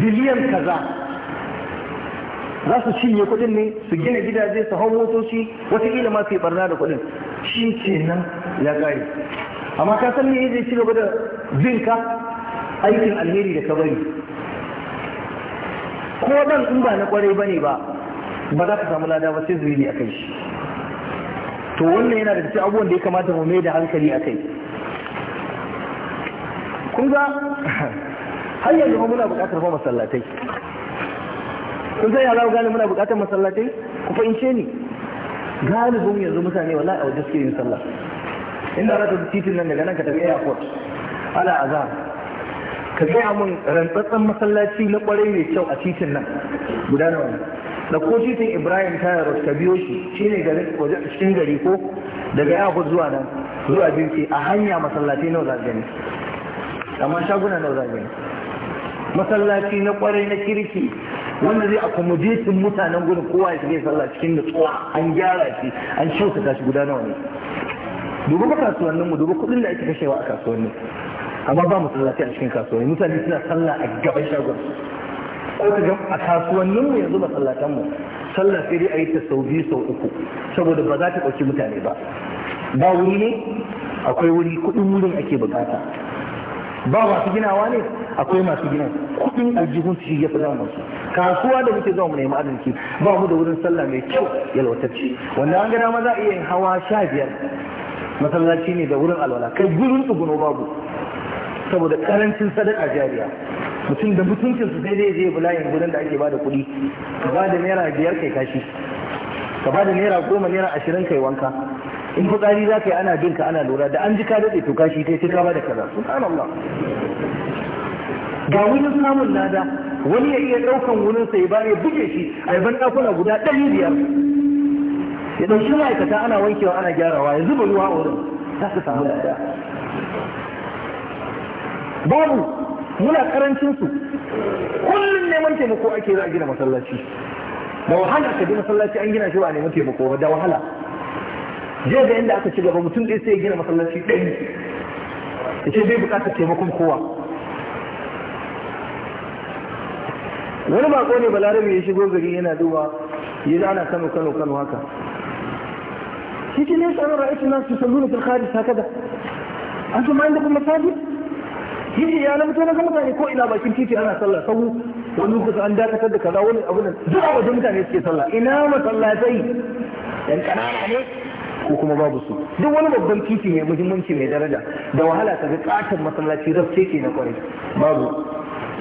Speaker 1: biliyan kaza za su cinye kuɗin ne su gina gidaje su hau motoci wata ma su yi barna da kuɗin shi ke nan ya ƙare amma ka san me zai ci gaba da bin ka aikin alheri da ka bari ko dan in ba na kwarai bane ba ba za ka samu lada ba sai zunubi a kai shi to wannan yana da cikin abubuwan da ya kamata mu mai da hankali a kai kun ga har yanzu muna buƙatar ba masallatai kun ga mu gane muna buƙatar masallatai ku fahimce ni galibin yanzu mutane wallahi a wajen suke yin sallah inda za ta titin nan daga nan ka tafi airport ala azhar ka gaya mun rantsatsen masallaci na kwarai mai kyau a titin nan guda nawa ne da ko titin ibrahim tayar ka biyo shi shine garin cikin gari ko daga airport zuwa nan zuwa binci a hanya masallaci nawa za gani amma shaguna nawa za gani masallaci na kwarai na kirki wanda zai accommodating mutanen gudun kowa ya shige sallah cikin nutsuwa an gyara shi an kyautata tashi guda nawa ne dubu ba kasuwanninmu dubu kuɗin da ake kashewa a kasuwannin, amma ba mu masallaci a cikin kasuwanni mutane suna sallah a gaban shagon ko ta ga a kasuwanninmu yanzu mu sallah sai dai a yi ta sau biyu sau uku saboda ba za ta ɗauki mutane ba ba wuri ne akwai wuri kuɗin wurin ake bukata ba masu ginawa ne akwai masu gina kuɗin aljihun su ya fi zama su kasuwa da muke zama mu nemi arziki ba mu da wurin sallah mai kyau yalwatacce wanda an gada maza za a iya yin hawa sha biyar masallaci ne da wurin alwala kai gurin tsuguno babu saboda karancin sadaka jariya mutum da mutuncin su sai dai zai bi layin gurin da ake ba da kuɗi ka ba da naira biyar kai kashi ka ba da naira goma naira ashirin kai wanka in fitsari za ka yi ana bin ka ana lura da an ji ka daɗe to kashi kai sai ka ba da kaza subhanallah ga wurin samun lada wani ya iya ɗaukan wurin sai ba ya buge shi a yaban ɗakuna guda ɗari biyar ya ɗauki ma'aikata ana wankewa ana gyarawa ya zuba ruwa wurin za su samu lafiya babu muna karancin su kullum neman taimako ake za a gina masallaci ba wahala ka gina masallaci an gina shi ba neman taimako ba da wahala jiya da yadda aka ci gaba mutum ɗaya sai ya gina masallaci ɗari ya ce bai buƙatar taimakon kowa wani bako ne balarabe ya shigo gari yana duba ya ana kano kano kano haka يجي ليش أنا رأيت الناس يصلون في الخارج هكذا أنتم ما عندكم مساجد yake ya na lamta na gama ne ko ina bakin titi ana sallah sahu wani kusa an dakatar da kaza wani abu nan duk a wajen mutane suke sallah ina masallatai yan kanana ne ko kuma babu su duk wani babban titi mai muhimmanci mai daraja da wahala ta ga katon masallaci rafce ke na kwarai babu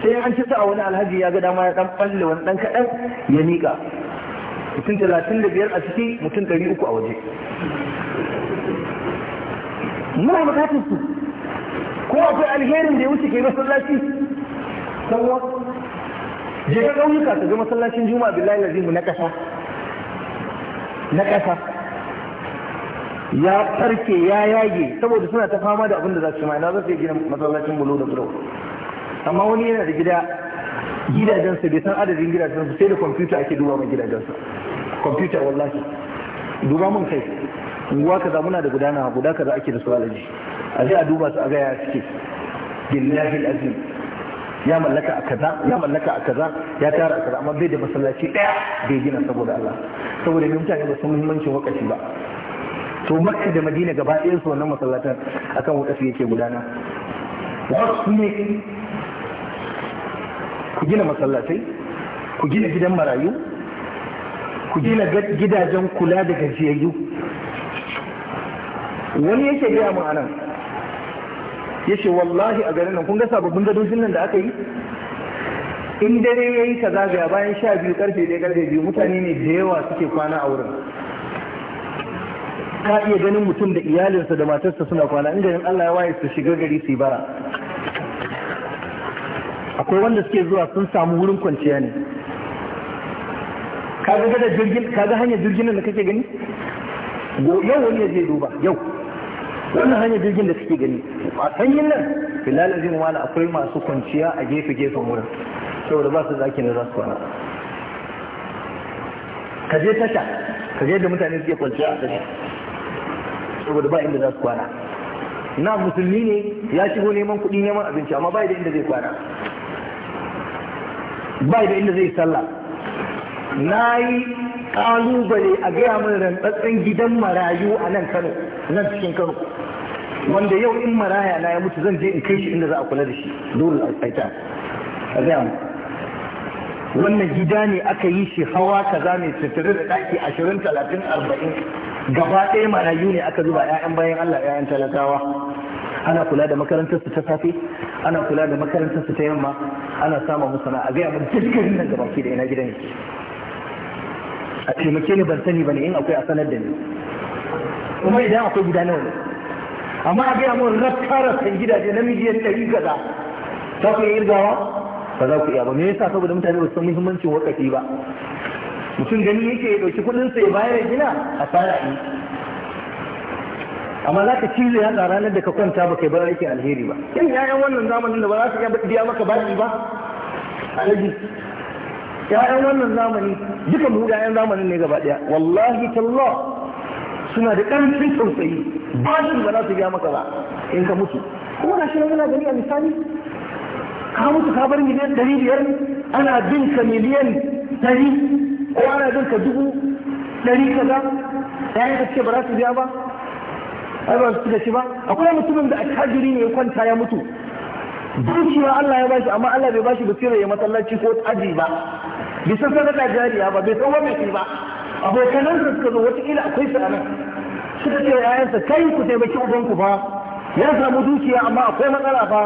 Speaker 1: sai an ci sa'a wani alhaji ya ga dama ya dan balle wani dan kadan ya nika mutum talatin da biyar a ciki mutum ɗari uku a waje muna bukatar su ko akwai alherin da ya wuce ke masallaci sauwa je ka ƙauyuka su ga masallacin juma'a billahi lazimu na ƙasa na ƙasa ya farke ya yage saboda suna ta fama da abin da za su ma na za su gina masallacin bulo da bulo amma wani yana da gida gidajensa bai san adadin gidajensa sai da kwamfuta ake duba mai gidajensa kwamfuta wallahi duba mun kai unguwa kaza muna da gudana guda kaza ake da su alaji a zai a duba su a gaya suke billahi azim ya mallaka a kaza ya mallaka a kaza ya tara a kaza amma bai da masallaci daya bai gina saboda Allah saboda mai mutane ba su muhimmancin wakashi ba to makka da madina gaba ɗayan su wannan masallatan akan wakashi yake gudana wasu ne ku gina masallatai ku gina gidan marayu ku gina gidajen kula da gajiyayyu wani yake gaya mu anan yace wallahi a garin nan kun ga sababbin gadojin nan da aka yi in dare ya yi ta zagaya bayan sha biyu karfe ɗaya karfe biyu mutane ne da yawa suke kwana a wurin ka iya ganin mutum da iyalinsa da matarsa suna kwana in garin Allah ya waye su shiga gari su bara akwai wanda suke zuwa sun samu wurin kwanciya ne kaga gada jirgin kaga hanyar jirgin da kake gani yau wani zai duba yau wannan hanyar jirgin da kake gani a sanyin nan bilal zai wala akwai masu kwanciya a gefe gefen wurin saboda ba su zaki na za su kwana ka je tasha ka je da mutane suke kwanciya a tasha saboda ba inda za su kwana na musulmi ne ya shigo neman kuɗi neman abinci amma ba da inda zai kwana ba da inda zai sallah na yi ƙalubale a gaya min rantsatsen gidan marayu a nan kano nan cikin kano wanda yau in maraya na ya mutu zan je in kai shi inda za a kula da shi dole a tsaita a gaya mu wannan gida ne aka yi shi hawa kaza mai tattare da ɗaki ashirin talatin arba'in gaba ɗaya marayu ne aka zuba 'ya'yan bayan allah 'ya'yan talakawa ana kula da makarantar su ta safe ana kula da makarantar su ta yamma ana samun musu a gaya mu dukkanin nan gaba ki da ina gidan yake a taimake ni ban sani bane in akwai a sanar da ni kuma idan akwai gida nawa ne amma a gaya mun rattara san gidaje namiji ya ɗari kaza za ku iya irgawa ba za ku iya ba me yasa saboda mutane ba su san muhimmancin wakafi ba mutum gani yake ya ɗauki kuɗin sa ya bayar gina a fara yi amma za ka cire yatsa ranar da ka kwanta ba kai bar aikin alheri ba yin 'ya'yan wannan zamanin da ba za su iya biya maka bashi ba alaji Ya'yan wannan zamani duka mu ‘ya’yan zamanin ne gaba ɗaya wallahi tallah suna da ƙarfin tausayi ba su ba za su gaya maka ba in ka mutu kuma ga shi muna gani a misali ka mutu ka bar miliyan ɗari biyar ana bin ka miliyan ɗari ko ana bin ka dubu ɗari kaza ‘ya’yan ka ce ba za su biya ba ai ba su da shi ba akwai mutumin da a tajiri ne ya kwanta ya mutu dukiya Allah ya bashi amma Allah bai bashi basira ya masallaci ko aji ba bai san a jariya ba bai san wani ba abokanansa suka zo wata kila akwai su anan suka ce yayansa kai ku taimaki ubanku ba ya samu dukiya amma akwai matsala ba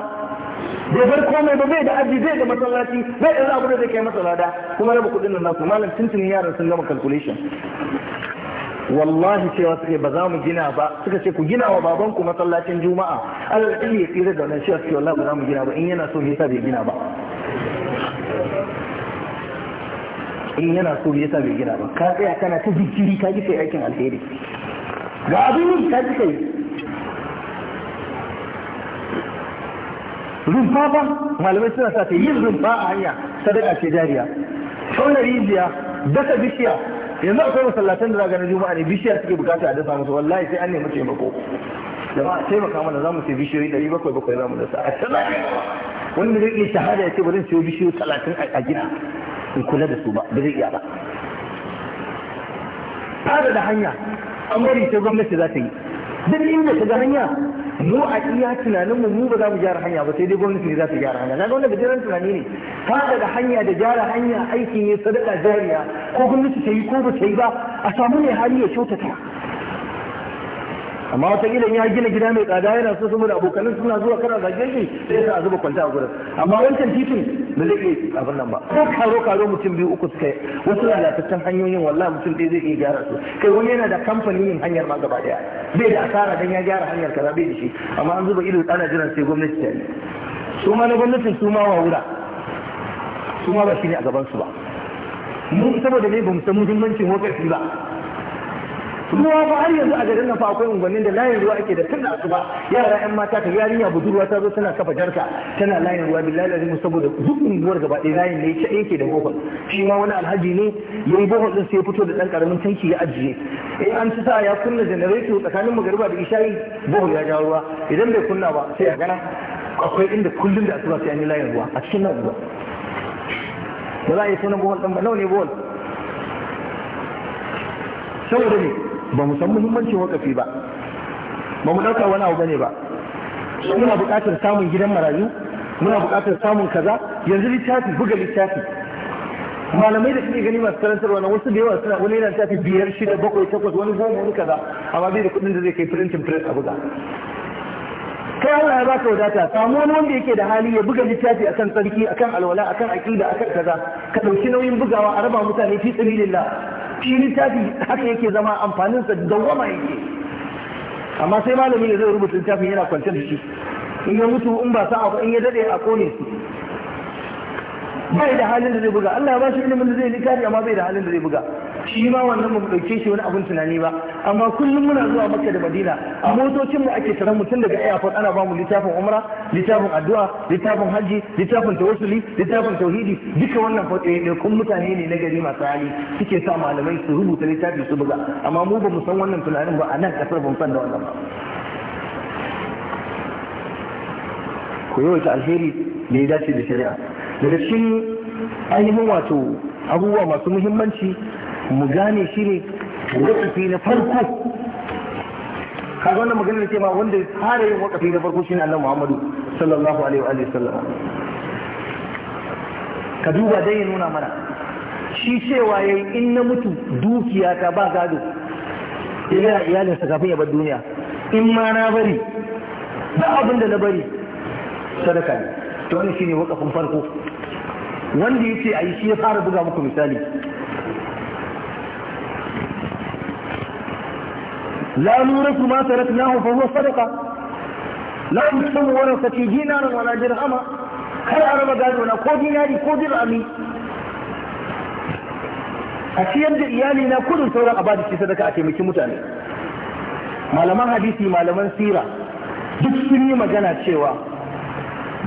Speaker 1: bai bar komai ba bai da aji bai da masallaci bai da abu da zai kai masa lada kuma raba kuɗin nan nasu malam tuntuni yaran sun gama calculation wallahi cewa suke ba za mu gina ba suka ce ku gina wa babanku masallacin juma'a Allah ya tsira da wannan shi suke wallahi ba za mu gina ba in yana so ne yasa bai gina ba in yana so yasa bai gina ba ka tsaya kana ta zikiri ka ji kai aikin alheri ga abin ka ji kai rumfa ba malamai suna sa ta yin rumfa a hanya sadaka ce jariya sauna rijiya dasa bishiya yanzu akwai masallatan da za ga na juma'a ne bishiyar suke bukata a dasa musu wallahi sai an nemi taimako jama'a taimaka mana za mu sai bishiyoyi ɗari bakwai bakwai za mu dasa a talatin wanda zai iya shahada ya ce ba zan siyo bishiyoyi talatin a gida in kula da su ba ba zai iya ba tsara da hanya an bari sai gwamnati za ta yi duk inda ta ga hanya mu a iya tunaninmu mu ba za mu gyara hanya ba sai dai gwamnati ne za ta gyara hanya na ga wannan gajeren tunani ne fada da hanya da gyara hanya aiki ne sadaka jariya ko gwamnati ta yi ko ba ta yi ba a samu ne hali ya kyautata amma wata gidan ya gina gida mai tsada yana so saboda abokanin suna zuwa kana zage shi sai ya a zuba kwanta a gurin amma wancan titin ba zai iya abin nan ba ko karo karo mutum biyu uku suka wasu lalatattun hanyoyin wallahi mutum ɗaya zai iya gyara su kai wani yana da kamfanin yin hanyar ma gaba daya bai da asara dan ya gyara hanyar kaza bai da shi amma an zuba ido ana jiran sai gwamnati ta yi su ma na gwamnatin su ma wawura su ma ba shi ne a gaban su ba Mun saboda ne ba mu san muhimmancin wakati ba ruwa ba har yanzu a garin nan fa akwai unguwannin da layin ruwa ake da tun da ba yara yan mata ka yarinya budurwa ta zo tana kafa jarka tana layin ruwa billahi lazim saboda duk unguwar gaba ɗaya layin ne ta yake da bohol shi ma wani alhaji ne yayi bohol din sai ya fito da dan karamin tanki ya ajiye in an ci sa ya kunna generator tsakanin magariba da isha'i bohol ya jawo ruwa idan bai kunna ba sai a gana akwai inda kullum da asuba sai an yi layin ruwa a cikin nan ruwa ba za a yi sunan bohol ɗin ba nawa ne bohol saboda ne ba mu san muhimmancin wakafi ba ba mu ɗauka wani abu bane ba muna buƙatar samun gidan marayu muna buƙatar samun kaza yanzu littafi buga littafi malamai da suke gani masu karantarwa na wasu da yawa suna wani yana littafi biyar shida bakwai takwas wani goma wani kaza amma bai da kuɗin da zai kai printing press a buga kai Allah ya baka wadata samu wani wanda yake da hali ya buga littafi akan tsarki akan alwala akan aqida akan kaza ka dauki nauyin bugawa a raba mutane fi sabilillah shi littafi haka yake zama amfaninsa dawwama yake amma sai malami ya zai rubuta littafin yana kwanciyar da shi in ya mutu in ba sa'a in ya dade a kone su bai da halin da zai buga Allah ya ba shi ilimin da zai littafi amma bai da halin da zai buga shi ma wannan mun dauke shi wani abin tunani ba amma kullum muna zuwa makka da madina a motocin mu ake taron mutun daga airport ana ba mu littafin umra littafin addu'a littafin Haji littafin tawassuli littafin tauhidi duka wannan fatsaye ne kun mutane ne na gari masu hali suke sa malamai su rubuta littafi su buga amma mu ba mu san wannan tunanin ba a kasar ban san da wannan ba ku alheri da ya dace da shari'a daga cikin ainihin wato abubuwa masu muhimmanci mu gane shi ne wakafi na farko kaga wannan maganar ce ba wanda ya fara yin wakafi na farko shine Allah Muhammadu sallallahu alaihi wa sallam ka duba dai ya nuna mana shi cewa yayi in na mutu dukiya ta ba gado iyalin iyalinsa kafin ya bar duniya in ma na bari ba abin da na bari sadaka ne to wannan shine wakafin farko wanda yace ayi shi ya fara buga muku misali la nuriku ma taraknahu fa huwa sadaqa la yusum wa la sakijina wa la dirhama Kai a raba gado ko dinari ko dirhami a ciyar da iyali na kudin sauran a bada shi sadaka a taimakin mutane malaman hadisi malaman sira duk sun yi magana cewa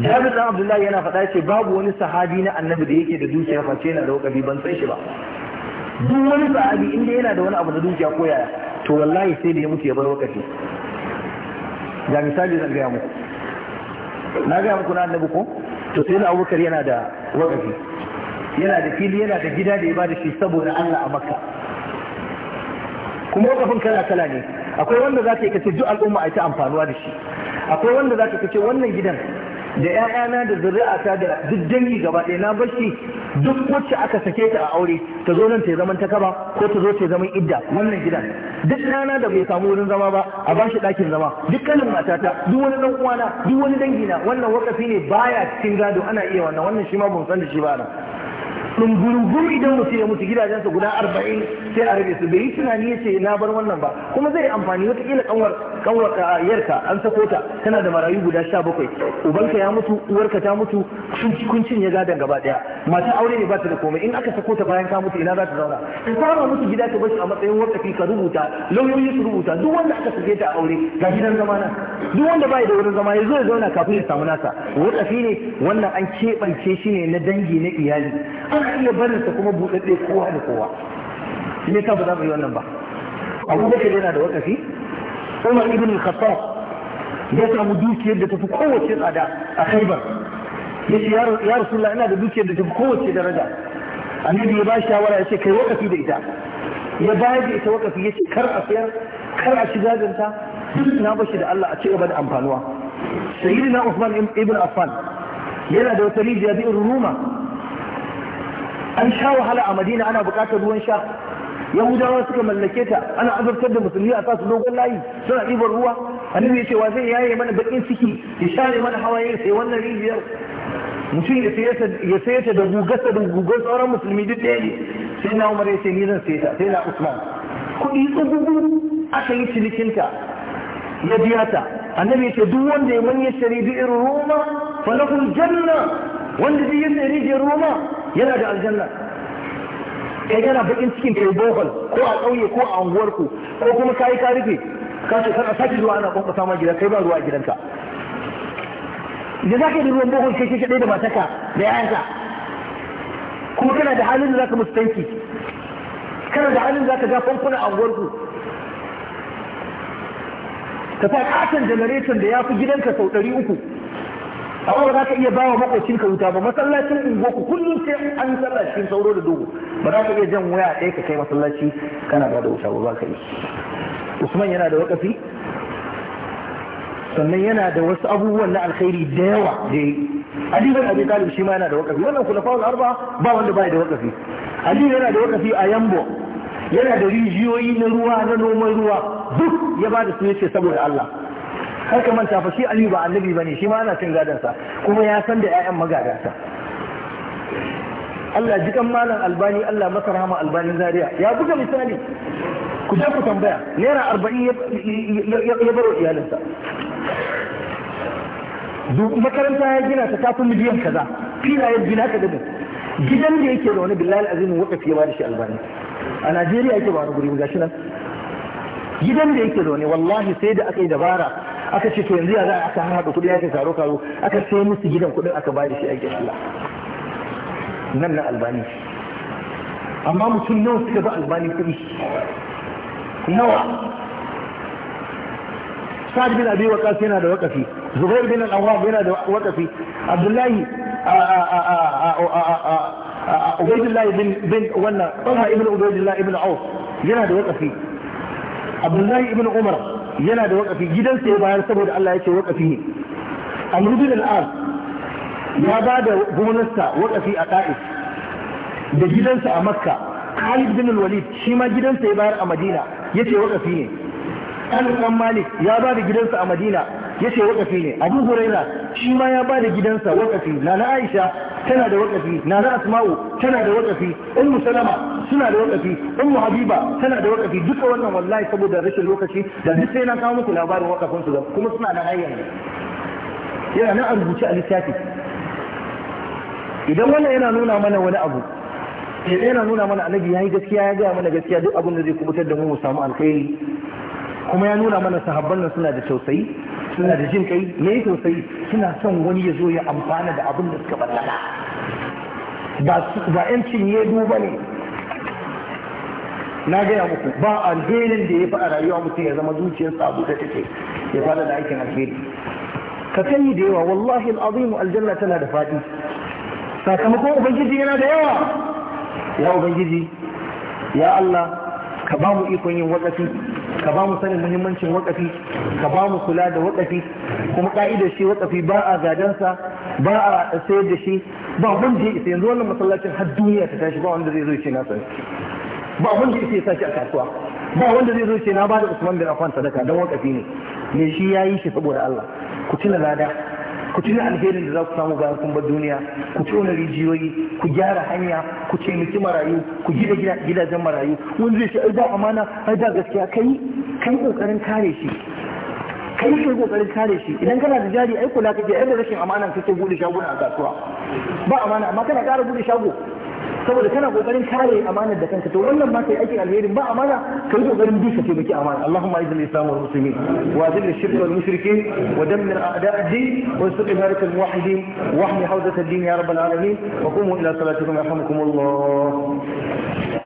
Speaker 1: Jabir dan Abdullahi yana faɗa ce babu wani sahabi na annabi da yake da dukiya face yana da wakafi ban san shi ba duk wani sahabi inda yana da wani abu da dukiya ko yaya to wallahi sai da ya mutu ya bar lokaci ga misali zan gaya muku na gaya muku na annabi ko to sai da abubakar yana da wakafi yana da fili yana da gida da ya bada shi saboda Allah a makka kuma wakafin kala kala ne akwai wanda za ta yi kace duk al'umma a ta amfanuwa da shi akwai wanda za ta kace wannan gidan da ‘ya'yana da zuri'ata da duk dangi gaba ɗaya na bashi duk wacce aka sake ta a aure ta zo nan ta zaman ta kaba ko ta zo ta zaman idda wannan gidan duk ɗana da bai samu wurin zama ba a bashi ɗakin zama duk kanin matata duk wani ɗan uwana duk wani dangina wannan wakafi ne baya cikin gado ana iya wannan wannan shi ma ban san da shi ba na ɗungurungun idan mutum ya mutu gidajensa guda arba'in sai a rabe su bai yi tunani ya ce na bar wannan ba kuma zai amfani wataƙila kanwar kanwar yarka an sako ta tana da marayu guda sha bakwai ubanka ya mutu uwarka ta mutu kun ya gadon gaba ɗaya mata aure ne ba ta da komai in aka sako ta bayan ka mutu ina za ta zauna in fara mutu gida ta bashi a matsayin wakafi ka rubuta lauyoyi su rubuta duk wanda aka sake ta aure ga gidan zama na duk wanda bai da wurin zama ya zo ya zauna kafin ya samu nasa wakafi ne wannan an keɓance shi ne na dangi na iyali ana iya barinsa kuma buɗaɗɗe kowa da kowa me yasa ba za mu yi wannan ba abu bakar yana da wakafi umar ibn al-khattab ya samu dukiyar da tafi kowace tsada a khaibar ya ce ya rasulullah ina da dukiyar da tafi kowace daraja annabi ya ba shawara ya ce kai wakafi da ita ya bayar da ita wakafi ya ce kar a sayar kar a shiga ganta na bashi da Allah a ci gaba da amfanuwa sayyidina Usman ibn Affan yana da wata rijiya bi ruma an sha wahala a madina ana bukatar ruwan sha yahudawa suka mallake ta ana azabtar da musulmi a sasu dogon layi suna ɗibar ruwa annabi ya ce wa zai yaye mana bakin ciki ya share mana hawaye sai wannan rijiyar mutum ya saye ta da gugasa da gugar sauran musulmi duk ɗaya ne sai na umar ya ce ni zan saye ta sai na usman kuɗi tsugugu aka yi cinikinta ya biya ta annabi ya ce duk wanda ya manya shari'a irin roma falahul janna wanda zai yadda rijiyar ruwa ma yana da aljanna kai yana bakin cikin kai ko a ƙauye ko a unguwarku ko kuma kayi ka rufe ka ce kana sake zuwa ana kwanfasa ma gida kai ba ruwa a gidanka da za ka yi ruwan bohol kai kai da mataka da yayanka kuma kana da halin da za ka musu tanki kana da halin za ka ga fankuna a unguwarku ka sa katon janareton da ya fi gidanka sau ɗari uku amma ba za ka iya bawa makocin ka wuta ba masallacin ungo ku kullum sai an sallah cikin sauro da duhu ba za ka iya jan waya ɗaya ka kai masallaci kana ba da wuta ba ba ka yi usman yana da wakafi sannan yana da wasu abubuwan na alkhairi da yawa da yi Ali bin Abi Talib shi ma yana da wakafi wannan kulafa'ul arba ba wanda bai da wakafi Ali yana da wakafi a Yambo yana da rijiyoyi na ruwa na noman ruwa duk ya ba da su yace saboda Allah kar ka manta fa shi Ali ba annabi bane shi ma ana cin gadan sa kuma ya san da ƴaƴan sa Allah jikan malam albani Allah masa rahama Albani zaria ya buga misali ku je ku tambaya naira 40 ya baro iyalin sa duk makaranta ya gina ta tafi miliyan kaza ya gina ka dabin gidan da yake da wani billahi azimin wakafi ya da shi albani a najeriya yake ba wani guri gashi nan gidan da yake da wani wallahi sai da aka yi dabara aka ce to yanzu ya za a aka haɗa kuɗi aka taro karo aka sai musu gidan kuɗin aka ba da shi aikin Allah nan na albani amma mutum nawa suka ba albani kuɗi nawa sa'ad bin abi waqas yana da waqafi zubair bin al-awwab yana da waqafi abdullahi ubaydullah bin bin wannan talha ibn ubaydullah ibn auf yana da waqafi abdullahi ibn umar yana da wakafi gidansa ya bayar saboda Allah ya ce wakafi ne amru bin ya ba da gonarsa wakafi a ta'if da gidansa a makka khalid bin walid shi ma gidansa ya bayar a madina yace wakafi ne an malik ya ba da gidansa a madina yace wakafi ne abu huraira shi ma ya bada gidansa wakafi na aisha tana da wakafi na asma'u tana da wakafi ummu salama suna da wakafi ummu habiba tana da wakafi duka wannan wallahi saboda rashin lokaci da duk sai na kawo muku labarin wakafin su kuma suna na hanyar yana na a rubuce a lissafi idan wannan yana nuna mana wani abu idan eh, yana nuna mana annabi yayi gaskiya ya gaya mana gaskiya duk abin da zai kubutar da mu mu samu alkhairi kuma ya nuna mana sahabban nan suna da tausayi suna da jin kai me sosai suna son wani ya zo ya amfana da abin da suka ballaka ba yancin ya duba ne na gaya muku ba alherin da ya fi a rayuwa mutum ya zama zuciyar sabu da take ya fada da aikin alheri ka sani da yawa wallahi al'azim aljanna tana da fadi. sakamakon ubangiji yana da yawa ya ubangiji ya Allah ka ba mu ikon yin wadatu ka ba mu sanin muhimmancin wakafi ka ba mu kula da wakafi kuma ka'idar shi wakafi ba a gadon sa, ba a sayar da shi ba abin da ya yanzu wannan masallacin har duniya ta tashi ba wanda zai zo ce na san ba abin da ya sa shi kasuwa ba wanda zai zo ce na ba da Usman bin Affan sadaka dan wakafi ne me shi yayi shi saboda Allah ku tuna lada ku tuna alherin da za ku samu bayan kun bar duniya ku tona rijiyoyi ku gyara hanya ku taimaki marayu ku gida gidajen marayu wani zai ce ai da amana ai da gaskiya kai kai kokarin kare shi kai kai kokarin kare shi idan kana da jari ai kula kake ai da rashin amana kake bude shaguna a kasuwa ba amana amma kana kara bude shago saboda kana kokarin kare amanar da kanka to wannan ma kai aikin alheri ba amana kai kokarin bi ka ce baki amana Allahumma izil islam wal muslimin wa zil shirk wal mushrikin wa damir a'da' ad-din wa sud ibarak al muwahhidin wa ahmi hawdat ad-din ya rabbal alamin wa qumu ila salatikum yarhamukum Allah